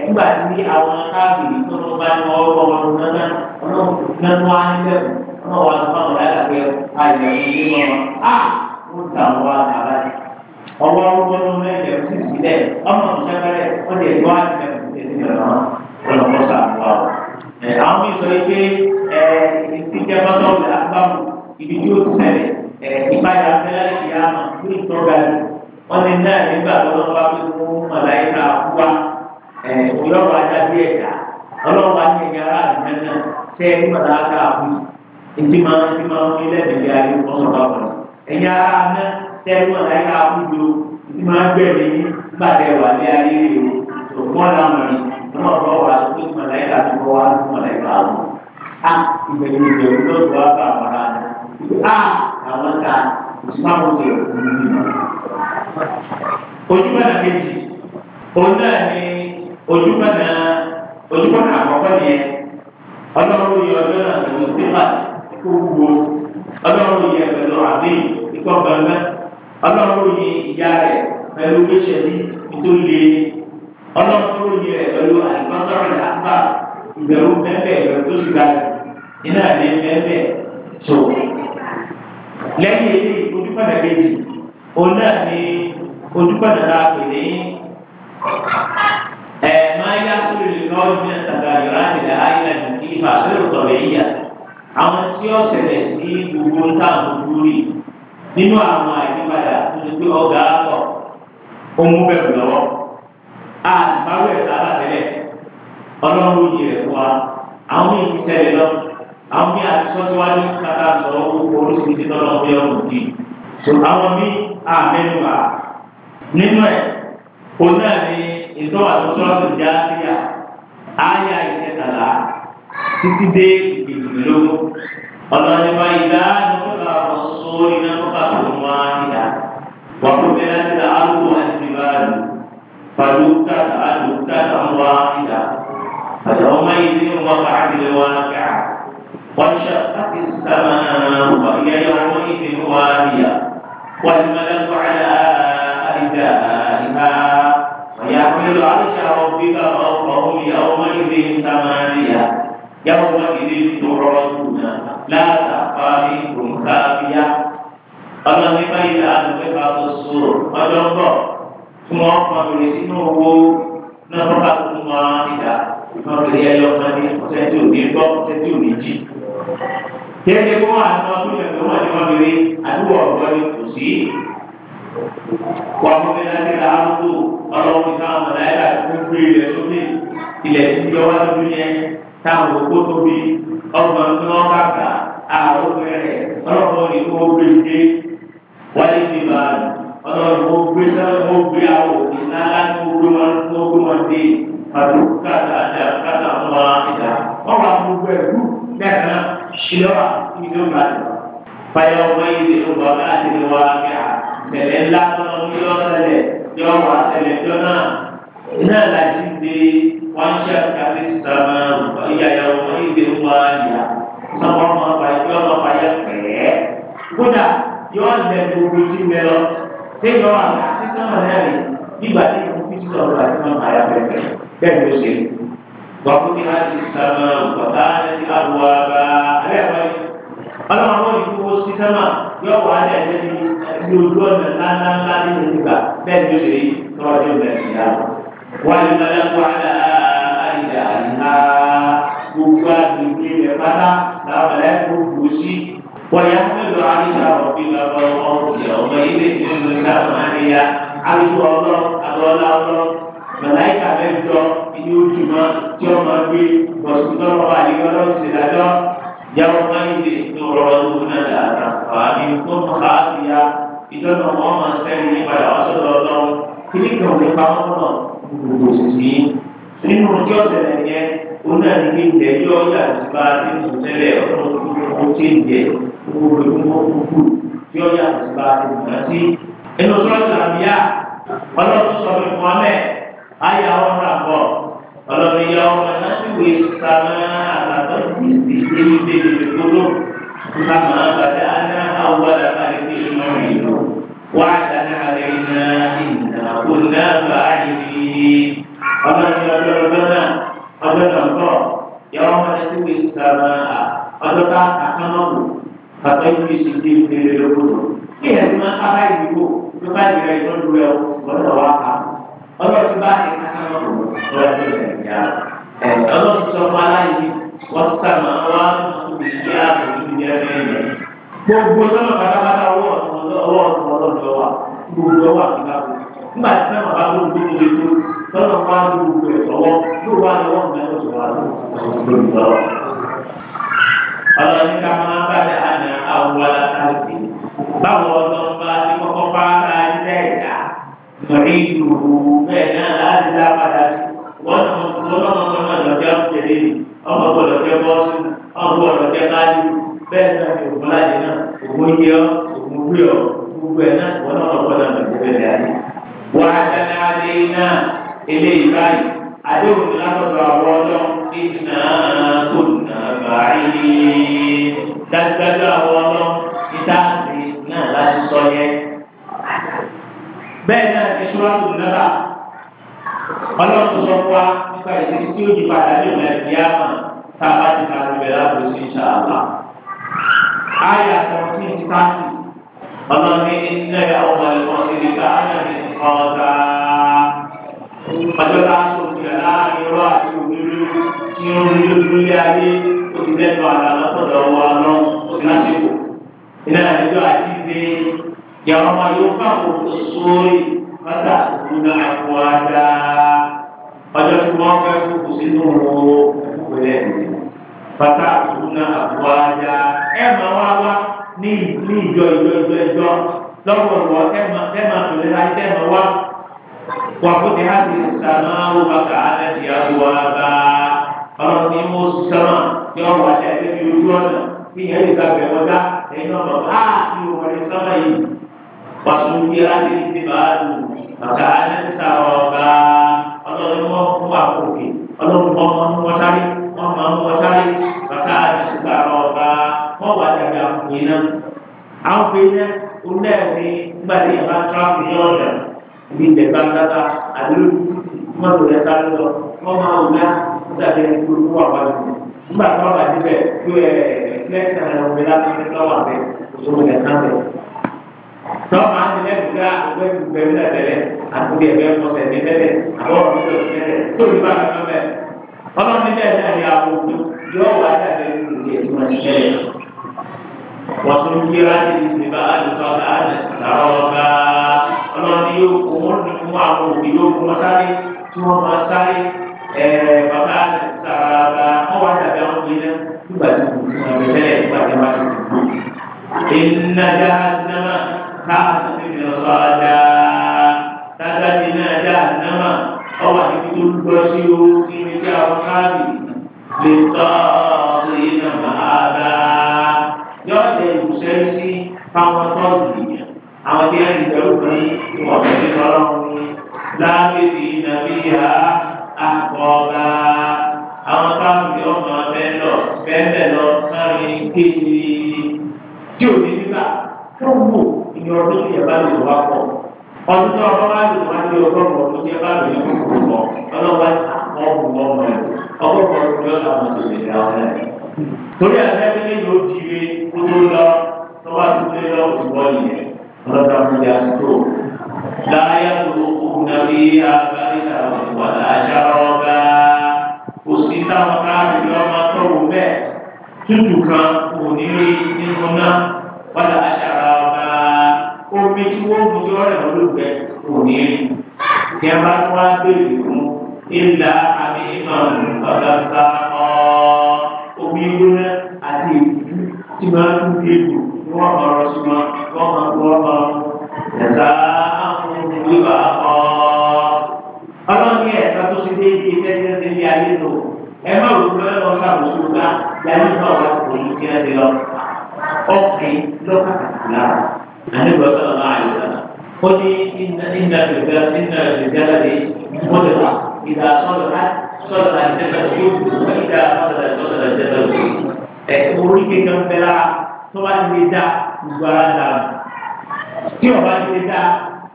nígbà tí àwọn káàbìrì tó lọ bá ní ọwọ́ wọn náà nánú ánilẹ̀ wọn wà lọ́wọ́ àwọn alágbàgbẹ́ àyẹ̀wò ní wọn. a ah! ó ta wọn àbáyé ọwọ́ ọgbọ́n ní ọmọ ẹ̀jẹ̀ kò sì sílẹ̀ ọmọ ìṣẹ́fẹ́rẹ́ wọ́n ti ẹ̀gbọ́n àti ẹ̀kọ́ tẹ̀sí ìrànlọ́wọ́ ayé o ṣùgbọ́n làwọn ọmọ ọ̀rọ̀ wa tó mọ̀lẹ́kà tó kọ́ wa mọ̀lẹ́kà o. a ìbẹ̀rù ìbẹ̀rù lọ́dọ̀ wa bá wọn rà á àwọn ta ìsúmáwò tó yẹ kó nínú ìmọ̀. ojúmọ̀ náà kejì òun náà ni ojúmọ̀ náà ojúmọ̀ náà àkọ́kọ́ nìyẹn ọlọ́run yọ ọjọ́ náà tó ń sípà kó wúwo ọlọ́run yẹ pẹ̀lú àbí ìkọ́ gbọ̀ngàn ọlọ́run yẹ ìyá rẹ̀ pẹ̀lú gbèsè ní ìtòlè ọlọ́kúrò ní rẹ̀ pẹ̀lú àìmọ́sọ̀rọ̀ àgbà ìbẹ̀rù mẹ́fẹ̀ ìbẹ̀rù tó sì ga iná ní mẹ́fẹ̀ tó. lẹ́yìn èyí ojúpọ̀nà kejì òun náà ní ojúpọ̀nà náà pè ní ẹ̀ máa yá kúrò lè lọ́wọ́ ní àtàgbàjọ́ láti lè áyílẹ̀ ní ìfà fẹ́rù tọ̀lẹ̀ yíyà àwọn tí ó ṣẹlẹ̀ sí gbogbo táwọn dúró rí nínú àwọn àyípadà tó ti pé ọgá pọ̀ ó mú bẹ̀rù lọ́wọ́ àtìbáwò ẹ̀ sábà tẹ́lẹ̀ ọlọ́run yìí rẹ̀ wá àwọn èyí ṣẹlẹ̀ lọ àwọn bí àtisọ́síwájú kàtà sọ oríṣiríṣi tọ́lọ́ bí ọ̀hún di so àwọn bí àmẹ́nuwà nínú ẹ̀ òun náà ni ìtọ́wàtò sọ́ọ̀tù já síyà áyà ìkẹtàlá títí dé ìgbìmọ̀lógún ọlọ́ni báyìí dáa ní kókà ọ̀sọ́ ìnáwó kàtó wọn á níyà. وحملت الأرض والجبال فدكت دكة واحدة فيومئذ وقعت الواقعة وانشقت السماء وهي يومئذ واهية والملك على أرجائها ويحمل عرش ربك فوقهم يومئذ ثمانية يومئذ تعرضون لا تخفى منكم خافية ọlọ́ nípa ilé àdúgbò tó sòrò ọjọ́ ń bọ̀ tí wọ́n kọ́ lórí sínú owó náà tó bá tún mọ́ ìdá náà lórí ẹyọ kan ní ọ̀sẹ̀tì òní gbọ́ ọ̀sẹ̀tì òní jì. Tẹ́lẹ̀ kó wà ní ọdún yẹn tó wà ní wọn lórí àdúgbò ọ̀gbọ́n ni kò sí. Wọ́n fún mi láti ra arúgbó ọlọ́run ní káwọn náírà tó gbé ilẹ̀ sókè ilẹ̀ tí yọ wá lójú yẹn táwọn òkú tóbi ọgbọ̀n tí wọ́n bá gbà àwọn ọgbẹ́ rẹ̀ ọlọ́run ní kó gbé wáyé ti bá ọlọ́run mo gbé sẹ́wọ́n mo gbé àwọn òbí náà mo gbé wọn mo gbé wọn dé pàtó káàtà àjà káàtà ọmọ ìdá wọn wà gbogbo ẹ̀rú lẹ́ẹ̀kan ṣílọ́wà ìdí ọgbà àjọ. fàyà ọmọ ìdè ọgbà ọgbà àti ìwà àgbà tẹ̀lé ńlá tọ́lọ́ ní ọ̀sẹ̀lẹ̀ yọ wà tẹ̀lé jọ náà iná láti dé wọn ṣe àkàtì sàmà ìyá ọmọ ìdè ọgbà àjà sọ́kọ́ ọmọ yọ lẹ gbogbo tí mẹ lọ téèyàn wà láti sọmọ náà rè nígbà tí mo fi sísọ ọ̀rọ̀ àti mọmọ àyà bẹ̀rẹ̀ bẹ́ẹ̀ ló ṣe wà fún mi láti sàmà bàbá àti àbúwà bá ẹ wá yìí ọlọ́run àwọn ìfowó sí sẹ́mà yọ wà lẹ̀ lẹ́ni ní ojú ọ̀nà ńláńláńlá nínú ìgbà bẹ́ẹ̀ ló ṣe rí tọ́wọ́ ní ìgbà wà ní ìgbàlẹ́kọ̀ àlà àìdá àìdá gbogbo àgbègbè rẹ̀ pátá làwọn ẹ̀kọ́ ويحمل عرش ربك فوقهم يومئذ جل ثمانية عرش الله أدوال الله ملائكة mẹ́jọ ní ojúmọ́ tí wọ́n máa gbé bọ̀sùtọ́ ọba àdìgbọ́dọ̀ ṣèdájọ́ yàwó máa ń lè ní ọ̀rọ̀ ọdún náà dáadáa àmì tó ń kà á sí ya ìjọba wọn máa sẹ́yìn nípadà wá sọ́dọ̀ ọlọ́run kí ní kàn ní pamọ́ náà gbogbo òṣìṣì nínú ọjọ́ ìṣẹ̀lẹ̀ kí ìjẹ́jọ́ ti ń kó gbogbo ìlú mọ́ kúkú tí ó yà sí bá ti mọ̀ sí. inú sọ́ọ̀tì làbíyá ọlọ́run sọ fún muhammed ayé àwọn ọ̀rọ̀ àbọ̀ ọlọ́run yà ọmọ láti wé sàmà ìsì èyí bèbè gbogbo sàmà bàtà àná àwọn àdàkàlẹ̀ fi mọ̀ ìlú wà á dáná àlẹ́ iná ìnà kò náà bá àyè ọlọ́run yà ọlọ́run lọ́nà ọlọ́run kọ́ yà ọmọ láti wé sàmà àtọ́ká àkànnà wò bàbá yìí fi ṣètì ìbéèrè kí ẹ̀ ti máa kábàá ìdìbò tó bá jẹ́ ẹ̀ tó dúró ẹ̀ ọ̀dọ̀ ọlọ́run ti bá ẹ̀ ká náà lọ́wọ́ ẹ̀ ìyá ẹ̀ ọlọ́run sọ fún aláìní wọ́n sàmà wá ìyá ìdílé ẹ̀ gbogbo sọ́nà pátápátá ọwọ́ ọ̀tún ọlọ́dọ̀ wa gbogbo ọwọ́ àti nígbà tí sẹ́wọ̀n bá lóun tó lè tó lọ́nà wá lóun rẹ̀ lọ́wọ́ yóò wá lọ́wọ́ mẹ́rin ọ̀sán wa lọ́wọ́ ọlọ́run ká máa bá dà ánà awọ́lá káàdì báwo ọlọ́run bá ti kọ́kọ́ bá ara ilé ẹ̀dá mọ̀rí ìlú bẹ́ẹ̀ náà láti dá padà sí wọ́n lọ́mọ gbọ́dọ̀ lọ́jọ́ tẹ̀lé ni ọmọ gbọ́dọ̀ jẹ́ bọ́ọ̀sì ọmọ gbọ́dọ̀ jẹ́ báyìí bẹ́ẹ̀ náà ni òun láti náà òun yẹ ọ́ òun wí ọ́ gbogbo ẹ̀ náà wọ́n lọ́mọ gbọ́dọ̀ lọ́jọ́ tẹ̀lé ni. wàá dáná adé náà eléyìí báyìí adéhùn látọ̀dọ̀ àwọn ọlọ́run iná kò nà báyìí dájúdájú àwọn ọlọ́ ìta àti náà láti sọ yẹn. bẹ́ẹ̀ náà ti ṣúra tó nára ọlọ́run tó sọ fún wa nípa ìṣèlú tí ó di padà ní ìlànà ìyá mà tá a bá ti ka ló bẹ̀rẹ̀ àbúrò sí ìṣàlá. àyà seventeen thirty ọlọ́run ní ìnáyà ọmọ ẹ̀kọ́ ìdíkà ánà ní nǹkan ọjọ́ tá tí ó ń lé lórí ayé ó ti lẹ́nu àlà lọ́sọ̀dọ̀ wa lọ ó ti lásìkò. iná àdéjọ́ àti ìdè yàrá ọmọ yóò fà kókó sórí pátá òkúta àkúwádá ọjọ́ tí wọ́n fẹ́ kókó sínú owó ìpínlẹ̀ pátá òkúta àkúwádá ẹ̀ máa wá wá ní ìjọ ìjọ ìjọ ìjọ lọ́pọ̀lọpọ̀ ẹ̀ máa tòlé láti ẹ̀ máa wá. وفتحت السماء وكانت أبوابا ọlọ́run ní mo sọ̀rọ̀ tí wọ́n wà ní ẹgbẹ́ bíi ojú ọ̀nà tí yẹn lè gba bẹ̀rẹ̀ ọjà ẹ̀yin náà mọ̀ á ti wọ̀ ní sọ́mọ̀ yìí wàásù bí adé ti máa lù kàkà ní sàrọ̀ ọ̀gá ọlọ́run ní wọ́n fún àkókè ọlọ́run ní wọ́n mú wọn sáré wọ́n máa mú wọn sáré kàkà ní sàrọ̀ ọ̀gá wọ́n wà dàbí àkùnrin náà àkùnrin náà onílẹ̀ ẹ̀sìn gbàdé ìbá tíráfù ní ọ̀dà ibi ìdẹ̀gbàgbàgbà àdúró mọ́tò rẹ̀ sáré lọ wọ́n máa wù dàbí ẹni tó kú àwọn àti nígbà tó wà níbẹ̀ tó ẹ ẹ̀kílẹ́sì àwọn ọmọ ìlà tó ń lọ́wọ́ àbẹ̀ òṣòwò ẹ̀ náà bẹ̀. tọ́ máa ń lẹ́nu gá ọgbẹ́ ìgbẹ́ mi lẹ́tẹ̀lẹ̀ àtúndì ẹ̀gbẹ́ ọ̀sẹ̀ ní lẹ́lẹ̀ àwọn ọ̀rọ̀ mi lọ sí lẹ́lẹ̀ tó ní bá a lọ bẹ̀. ọlọ́run ní bẹ́ẹ̀ náà ni àwọn òkú yóò wá dàbẹ̀ ní fún àwọn òbí yóò kó wọn sáré tí wọ́n máa sáré ẹ̀ẹ́ bàbá sàràbà wọ́n wá dàbí àwọn ọmọ iná nígbà tí kò sí ọmọ ìfẹ́lẹ̀ nígbà tí wọ́n ti kú. ìnájà náà káàtó ti fi lọ́sọ̀ ọ̀dà tàbí ìnájà náà ọwọ́ àti kí tó lọ sí o kí ni kí àwọn akọba àwọn káfíńtì ọmọ bẹ́ẹ̀ lọ bẹ́ẹ̀ lọ kárin kéde tí ò ní nígbà tó wù ìyọ ọdún tí yẹn bá lè wá pọ̀ ọdún tí ọmọ bá lè wá ní ọgọ́rùn ọdún tí yẹn bá lè wá pọ̀ ọlọ́wọ́ akọ ọmọ ọmọ rẹ ọgọ́rùn ọdún tí ọlọ́wọ́ ti lè ra ọ̀rẹ́ torí ẹ̀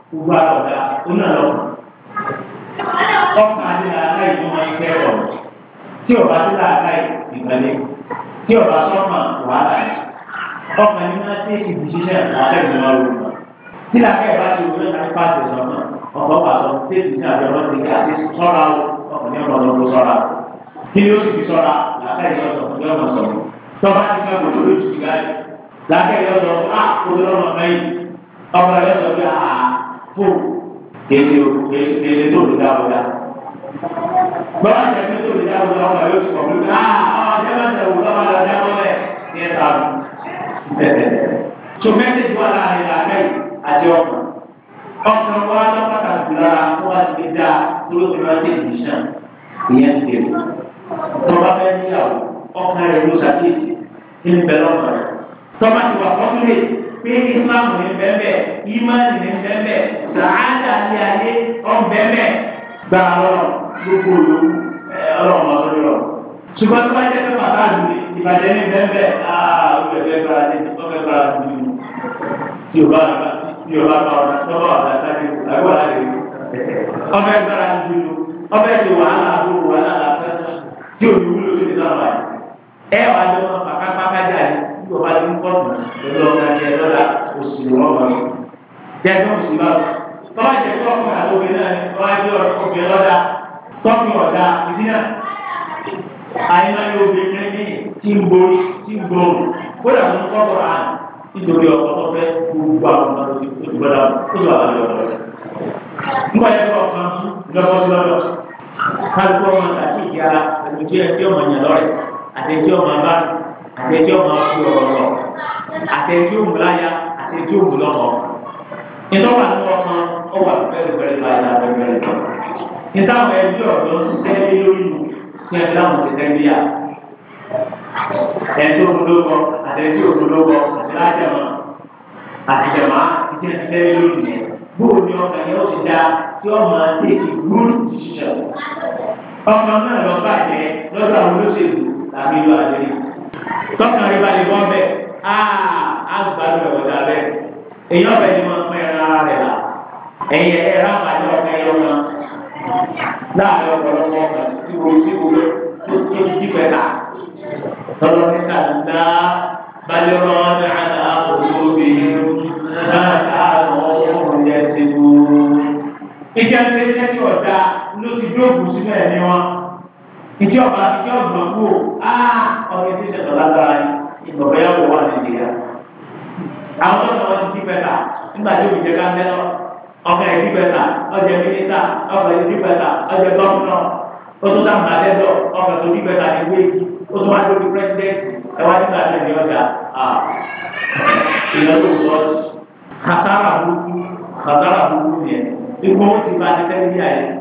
gbogbo àtọ̀dá ó nà lọ. ọkàn àti làákà yìí wọ́n máa ń tí ọba sí làákà yìí ìgbàlẹ̀ tí ọba sọ́mà wàhálà yìí ọkàn yìí máa ṣe ìdí ṣiṣẹ́ làákà yìí máa rò wọ́n. tí làákà yìí bá ti wọlé láti pàṣẹ sọ́mà ọkọ̀ wà sọ tí èdè ní àjọ ọlọ́sẹ̀ kí àti sọ́ra o ọkàn yìí ọ̀rọ̀ lọ́kọ̀ sọ́ra kí ni ó sì fi sọ́ra làákà yìí ọ̀sọ̀ tọ́ba ti fẹ́ kó lórí ìtìgáyé làákà yìí ọ̀sọ̀ fò kéde o kéde tó lè dá dá. báwa ṣe kéde tó lè dá dá ọmọ yóò sọ fún mi ah ọmọ ṣe máa ń tẹ̀wò lọ́wọ́ àlọ́ dá wọ́n bẹ̀ ní ẹ̀ta mi. so mẹ́tẹ̀ẹ̀dì wà láàrin làbẹ́ àti ọkàn ọkàn wa lọ pàtàkì lára wa ti dá dúró tí wọ́n ti dì sàn ìyẹn ti dèrò tọ́ba bẹ́ẹ̀ níyàwó ọkàn rẹ̀ ló ṣàkíyèsí ní bẹ̀rẹ̀ ọkàn rẹ̀ tọ́ba ti wà fọ́túlẹ̀ pé islam ní bẹ́ẹ̀ imani ní bẹ́ẹ̀ sàádà ní ayé ọ̀n bẹ́ẹ̀ gba ọlọ́run gbogbo olówó ọlọ́run máa lórí ọ. ṣùgbọ́n tó bá jẹ́ pé bàbá mi ìbàjẹ́ ní bẹ́ẹ̀ áá olùfẹ́ gbára ní ọ̀fẹ́ gbára ní ìlú tí o bá tí o bá bá ọ̀dà tọ́lọ́ ọ̀dà sáré àgbà rẹ̀ ọ̀fẹ́ gbára ní ìlú ọ̀fẹ́ ti wàhálà àbúrò wàhálà àfẹ́ tí o ní wúlò sí ìlú àwọn ẹ̀ wà lọ́wọ́ pàkápàká tí o bá ti ń kọ́ pẹ̀lú ọ̀gá ti ẹ̀ lọ́la oṣù wọn wọn. Jẹ́sán oṣù bá wọn. Tọ́lá jẹ́ kí ọkùnrin àti obìnrin náà tọ́lá jẹ́ obìnrin lọ́dà tọ́kùn ọ̀dà ìdínà. Àyìnbá yóò bí ẹni tí ń borí tí ń gbòòrò kódà tó ń kọ́ bọ̀ án nítorí ọkọ̀ tó fẹ́ gbogbo àwọn ọmọ tó ti gbọ́dọ̀ tó ti wà lálẹ́ ọ̀dọ̀ rẹ̀ àtẹ̀jọ́ máa fi ọ̀rọ̀ lọ àtẹ̀jọ́ múláyà àtẹ̀jọ́ múlọ́mọ́ ìtọ́wà ní ọmọ ọwà pẹ́lúpẹ́lú àyà pẹ́lúpẹ́lú lọ ìtàwọn ẹbí ọ̀dọ́ ń ṣiṣẹ́ lé lórí mu ní ẹbí láwọn ṣe tẹ́lẹ̀ yà ẹ̀jọ́ múlọ́mọ́ àtẹ̀jọ́ múlọ́mọ́ àtẹ̀lájàmọ́ àtẹ̀jàmọ́ ti ń ṣiṣẹ́ lé lórí yẹn bóò ni ọkàn yẹn ó ti da tí ó máa tẹ̀kì good decision ọkàn náà lọ bàjẹ́ lọ́dọ̀ àwọn olóṣèlú tàbí ìlú àdéhùn tọ́ka rí balẹ̀ bọ́ bẹ́ẹ̀ á gbàdúrà wọ̀dà bẹ́ẹ̀ èyàn bẹ́ẹ̀ ni wọ́n pẹ́ ara rẹ̀ la ẹ̀yẹ ẹ̀rá àbájọ ọ̀gá ẹ̀yọ kan láàrin ọ̀pọ̀lọpọ̀ ọ̀gá tí wo tí wo tó tó ti pẹ́ ta tọ́lọ́ ní kàdúrà balẹ̀ wọn ní àná òwò bìí náà káàmọ́ ọ̀hún yẹn ti wú. ìjà ń tẹ́tẹ́ tí ọ̀dà ló ti dóògùn sílẹ̀ ní wọn ìdí ọba ìdí ọgbọn kú o aa ah, ọkẹ tí ìṣẹ̀lẹ̀ lágbára yìí ìgbọgbẹ yà wọ wà nàìjíríà àwọn ọmọ wọn ti bẹta nígbà tí òbí jẹ ká mẹ lọ ọkẹ yìí ti bẹta ọjẹ mínísà ọkẹ yìí ti bẹta ọjẹ gọvnọ oṣù tá nǹkan lẹsọ ọkẹ tó ti bẹta ní wéèkì oṣù wájú omi pírẹsidẹnti ẹwà nígbà tí ẹni ọjà ìlọsọ sọ kàtàrà burúkú kàtàrà burúkú yẹn ikú ó ti bá ti tẹ́lẹ̀ yà yẹn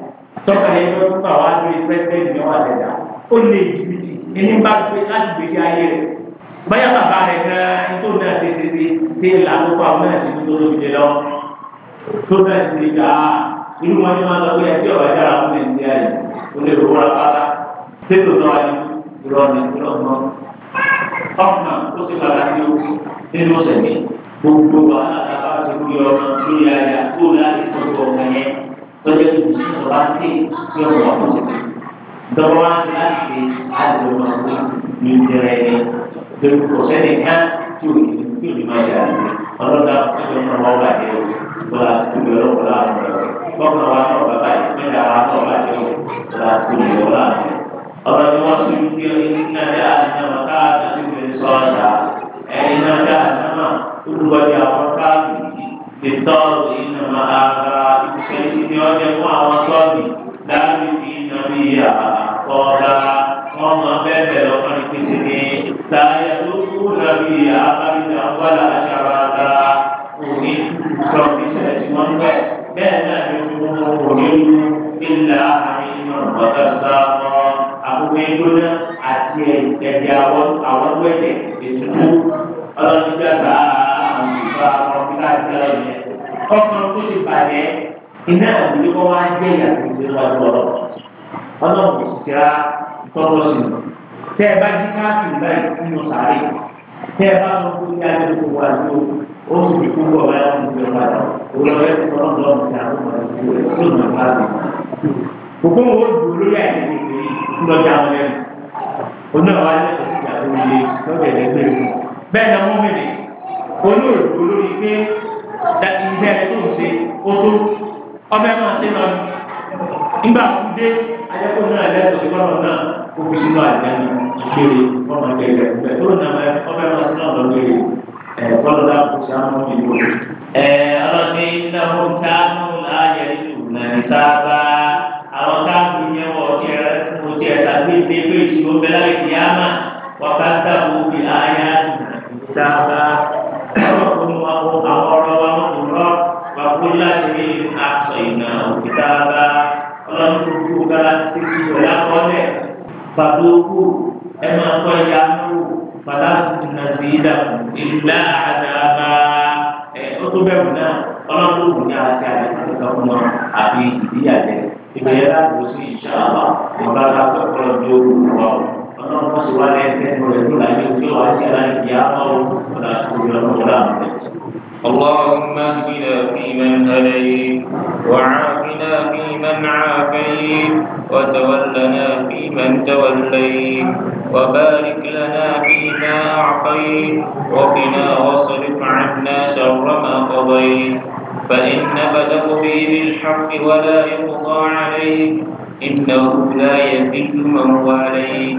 tọ́ka yẹn tó kà wá lórí pẹ́sidẹ́ntì ní wàá lẹ́dà ó lè jìbìtì ẹni bá gbé láti gbèsè ayé rẹ̀ báyà bàbá rẹ̀ gan-an tó náà ṣe ṣe ṣe ṣe làwọn kó àwọn náà ṣe tó lóbi jẹ lọ tó náà ṣe ṣe gbà á ah, irú wọn ni wọn lọ pé ẹgbẹ́ ọ̀rẹ́ dára fún nàìjíríà yìí ó lè rọra pátá tètò náà ni ìrọ̀ ni ìrọ̀ mọ́ ọ̀nà ó ti bàbá ní o nínú ọ̀sẹ̀ mi gbogbo wàhálà tá ti kú yọ فجأة صلاتي يوم وقت دروان الأكل عدل مسؤول من جرائمه بالقصد كان تولي كل ما جاء ọlọ́dà ọ̀sẹ̀ ọmọ ọba bàjẹ́ o bọ́lá sùkúlù ẹ̀rọ bọ́lá àmọ́ bọ́lá wa náà ọba bàjẹ́ mẹ́ta wa náà bàjẹ́ o bọ́lá sùkúlù ẹ̀rọ bọ́lá àmọ́ ọ̀rọ̀ ni wọ́n sùn kí ẹni náà dá àdámà káàkiri sọ̀ọ́dà ẹni náà dá àdámà olùwàjà àwọn káàkiri. ìtọ́rù iná máa ra iṣẹ́ títí ọjọ́ fún àwọn sọ́ọ̀nì láàrin tí iná bí àkọ́ọ́dá wọ́n mọ bẹ́ẹ̀ lọ́kàn ní pèsè ní táyà tó kú lọ́bí àbáríjà wọ́lá aṣáára òní sọ iṣẹ́ tí wọ́n gbẹ bẹ́ẹ̀ náà ni wọ́n kò ní lu ilà àìyàn ọ̀gá sáà àkókò ìgbóná àti ẹ̀jẹ̀ àwọn àwọn wẹ̀jẹ̀ ètùtù ọlọ́dún jáde àá ìgbà kọ̀ọ̀kútà jẹ́ ìyẹn. Ọkàn tó ti bàjẹ́ iná ìdílé wọn wá jẹ́ ìyàtọ̀ ìdílé wọn lọ. Ọlọ́run kò sì ra tọ́lọ́ sí i. Tẹ́ ẹ bá jí káàkiri báyìí nínú sàárè. Tẹ́ ẹ bá lọ fún yá lóko wá sí o. Ó sì fi kú bọ̀ wáyé wọn ìgbẹ́ wá lọ. Olùwẹ́ ti tọ́ lọ́rùn sí àwọn ọmọ ìgbẹ́ tó nà bá lọ. Òkú wo dùn lórí àìsàn ìgbẹ́ lọ́jà wọn lẹ́nu. Onáwó alẹ́ kò sí ìjà tó le lọ́jà ẹ̀ẹ́dẹ́gbẹ̀rún. Bẹ́ẹ̀ ni àwọn mìíràn olóòrò olórí pé iṣẹ́ tó ń ṣe ó tó ọbẹ̀ máa ṣe lọ nígbà tó dé ajẹ́kọ̀ọ́ náà lẹ́tọ̀ọ́ sí kọ́nà náà ó fi sínú àjẹ́nu ìkéde ọmọ ìgbẹ́ ìgbẹ́ tó nà ọbẹ̀ máa ṣe náà lọ́gbẹ̀rẹ̀ ẹ̀ kọ́nà náà kò sí àwọn ọmọ ìlú. ẹ ọlọ́ni iná mú kánú láàyè ìtùnà ní sábà àwọn káàkiri yẹn wọ ọtí ẹ mo ti ẹ̀ tàbí ìdẹ́gbẹ́ ìṣòro gàgà ọlọ́run tó kú gàgà tí kú ọ̀yà kọ́lẹ̀ pàtó kú ẹ máa kọ́ ìyá nù padà nà sí ìdàkù ìlà àdàbà ẹ ó tó bẹ̀rù náà ọlọ́run tó kù ní àti àdàkù kan fún wọn àbí ìdíyàjẹ ìgbéyàwó àgbo sí ìṣàlá ìgbà kàkọ́ ọlọ́run tó kù wọ́n. Ọlọ́run kọ́ sí wa lẹ́sẹ̀ lórí ìlú láyé tí ó wá sí aláìyá ọ̀run ọ̀là àti ìgbéyàwó ọ̀là àti ìgbéyàwó. اللهم اهدنا فيمن هديت وعافنا فيمن عافيت وتولنا فيمن توليت وبارك لنا فيما أعطيت وقنا واصرف عنا شر ما قضيت فإن بدأ به بالحق ولا يقضى عليه إنه لا يذل من واليت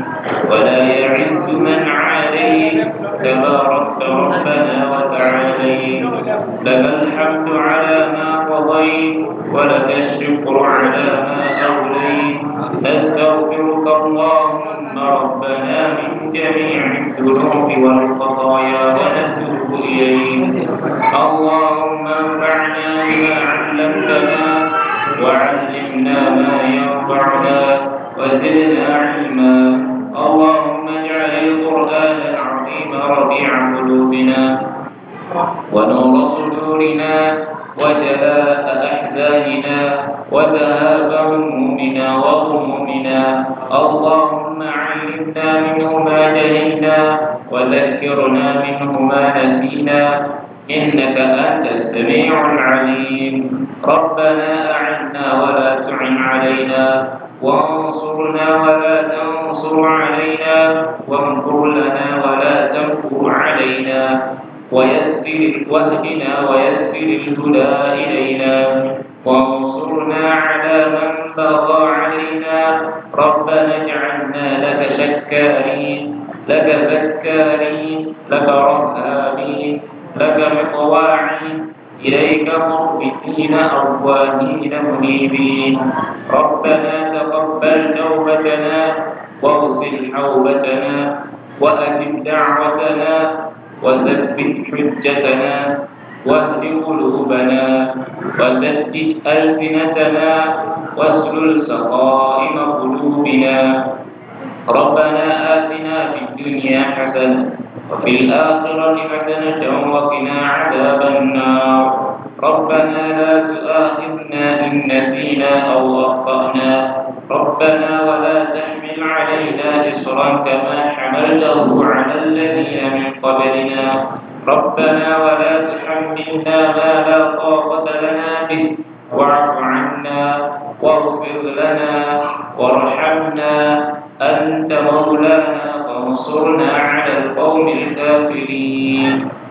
ولا يعز من عليه تباركت ربنا وتعاليت لك الحمد على ما قضيت ولك الشكر على ما أوليت نستغفرك اللهم ربنا من جميع الذنوب والخطايا ونتوب إليك اللهم انفعنا بما علمتنا وعلمنا ما ينفعنا وزدنا علما اللهم اجعل القرآن العظيم ربيع قلوبنا ونور صدورنا وجلاء أحزاننا وذهاب همومنا وغمومنا اللهم علمنا منه ما جهلنا وذكرنا منه ما نسينا إنك أنت السميع العليم ربنا أعنا ولا تعن علينا وانصرنا ولا تنصر علينا وانصر لنا ولا تنكر علينا ويسر واهدنا ويسر الهدى إلينا وانصرنا على من بغى علينا ربنا اجعلنا لك شكارين لك ذكارين لك رهابين لك بطواعي إليك مربتين أوانين منيبين ربنا تقبل توبتنا واغفر حوبتنا وأتم دعوتنا وثبت حجتنا واهد قلوبنا وسدد ألسنتنا واسلل سقائم قلوبنا ربنا آتنا في الدنيا حسنة وفي الآخرة حسنة وقنا عذاب النار ربنا لا تؤاخذنا إن نسينا أو أخطأنا ربنا ولا تحمل علينا إصرا كما حملته على الذين من قبلنا ربنا ولا تحملنا ما لا طاقة لنا به واعف عنا واغفر لنا وارحمنا أنت مولانا فانصرنا على القوم الكافرين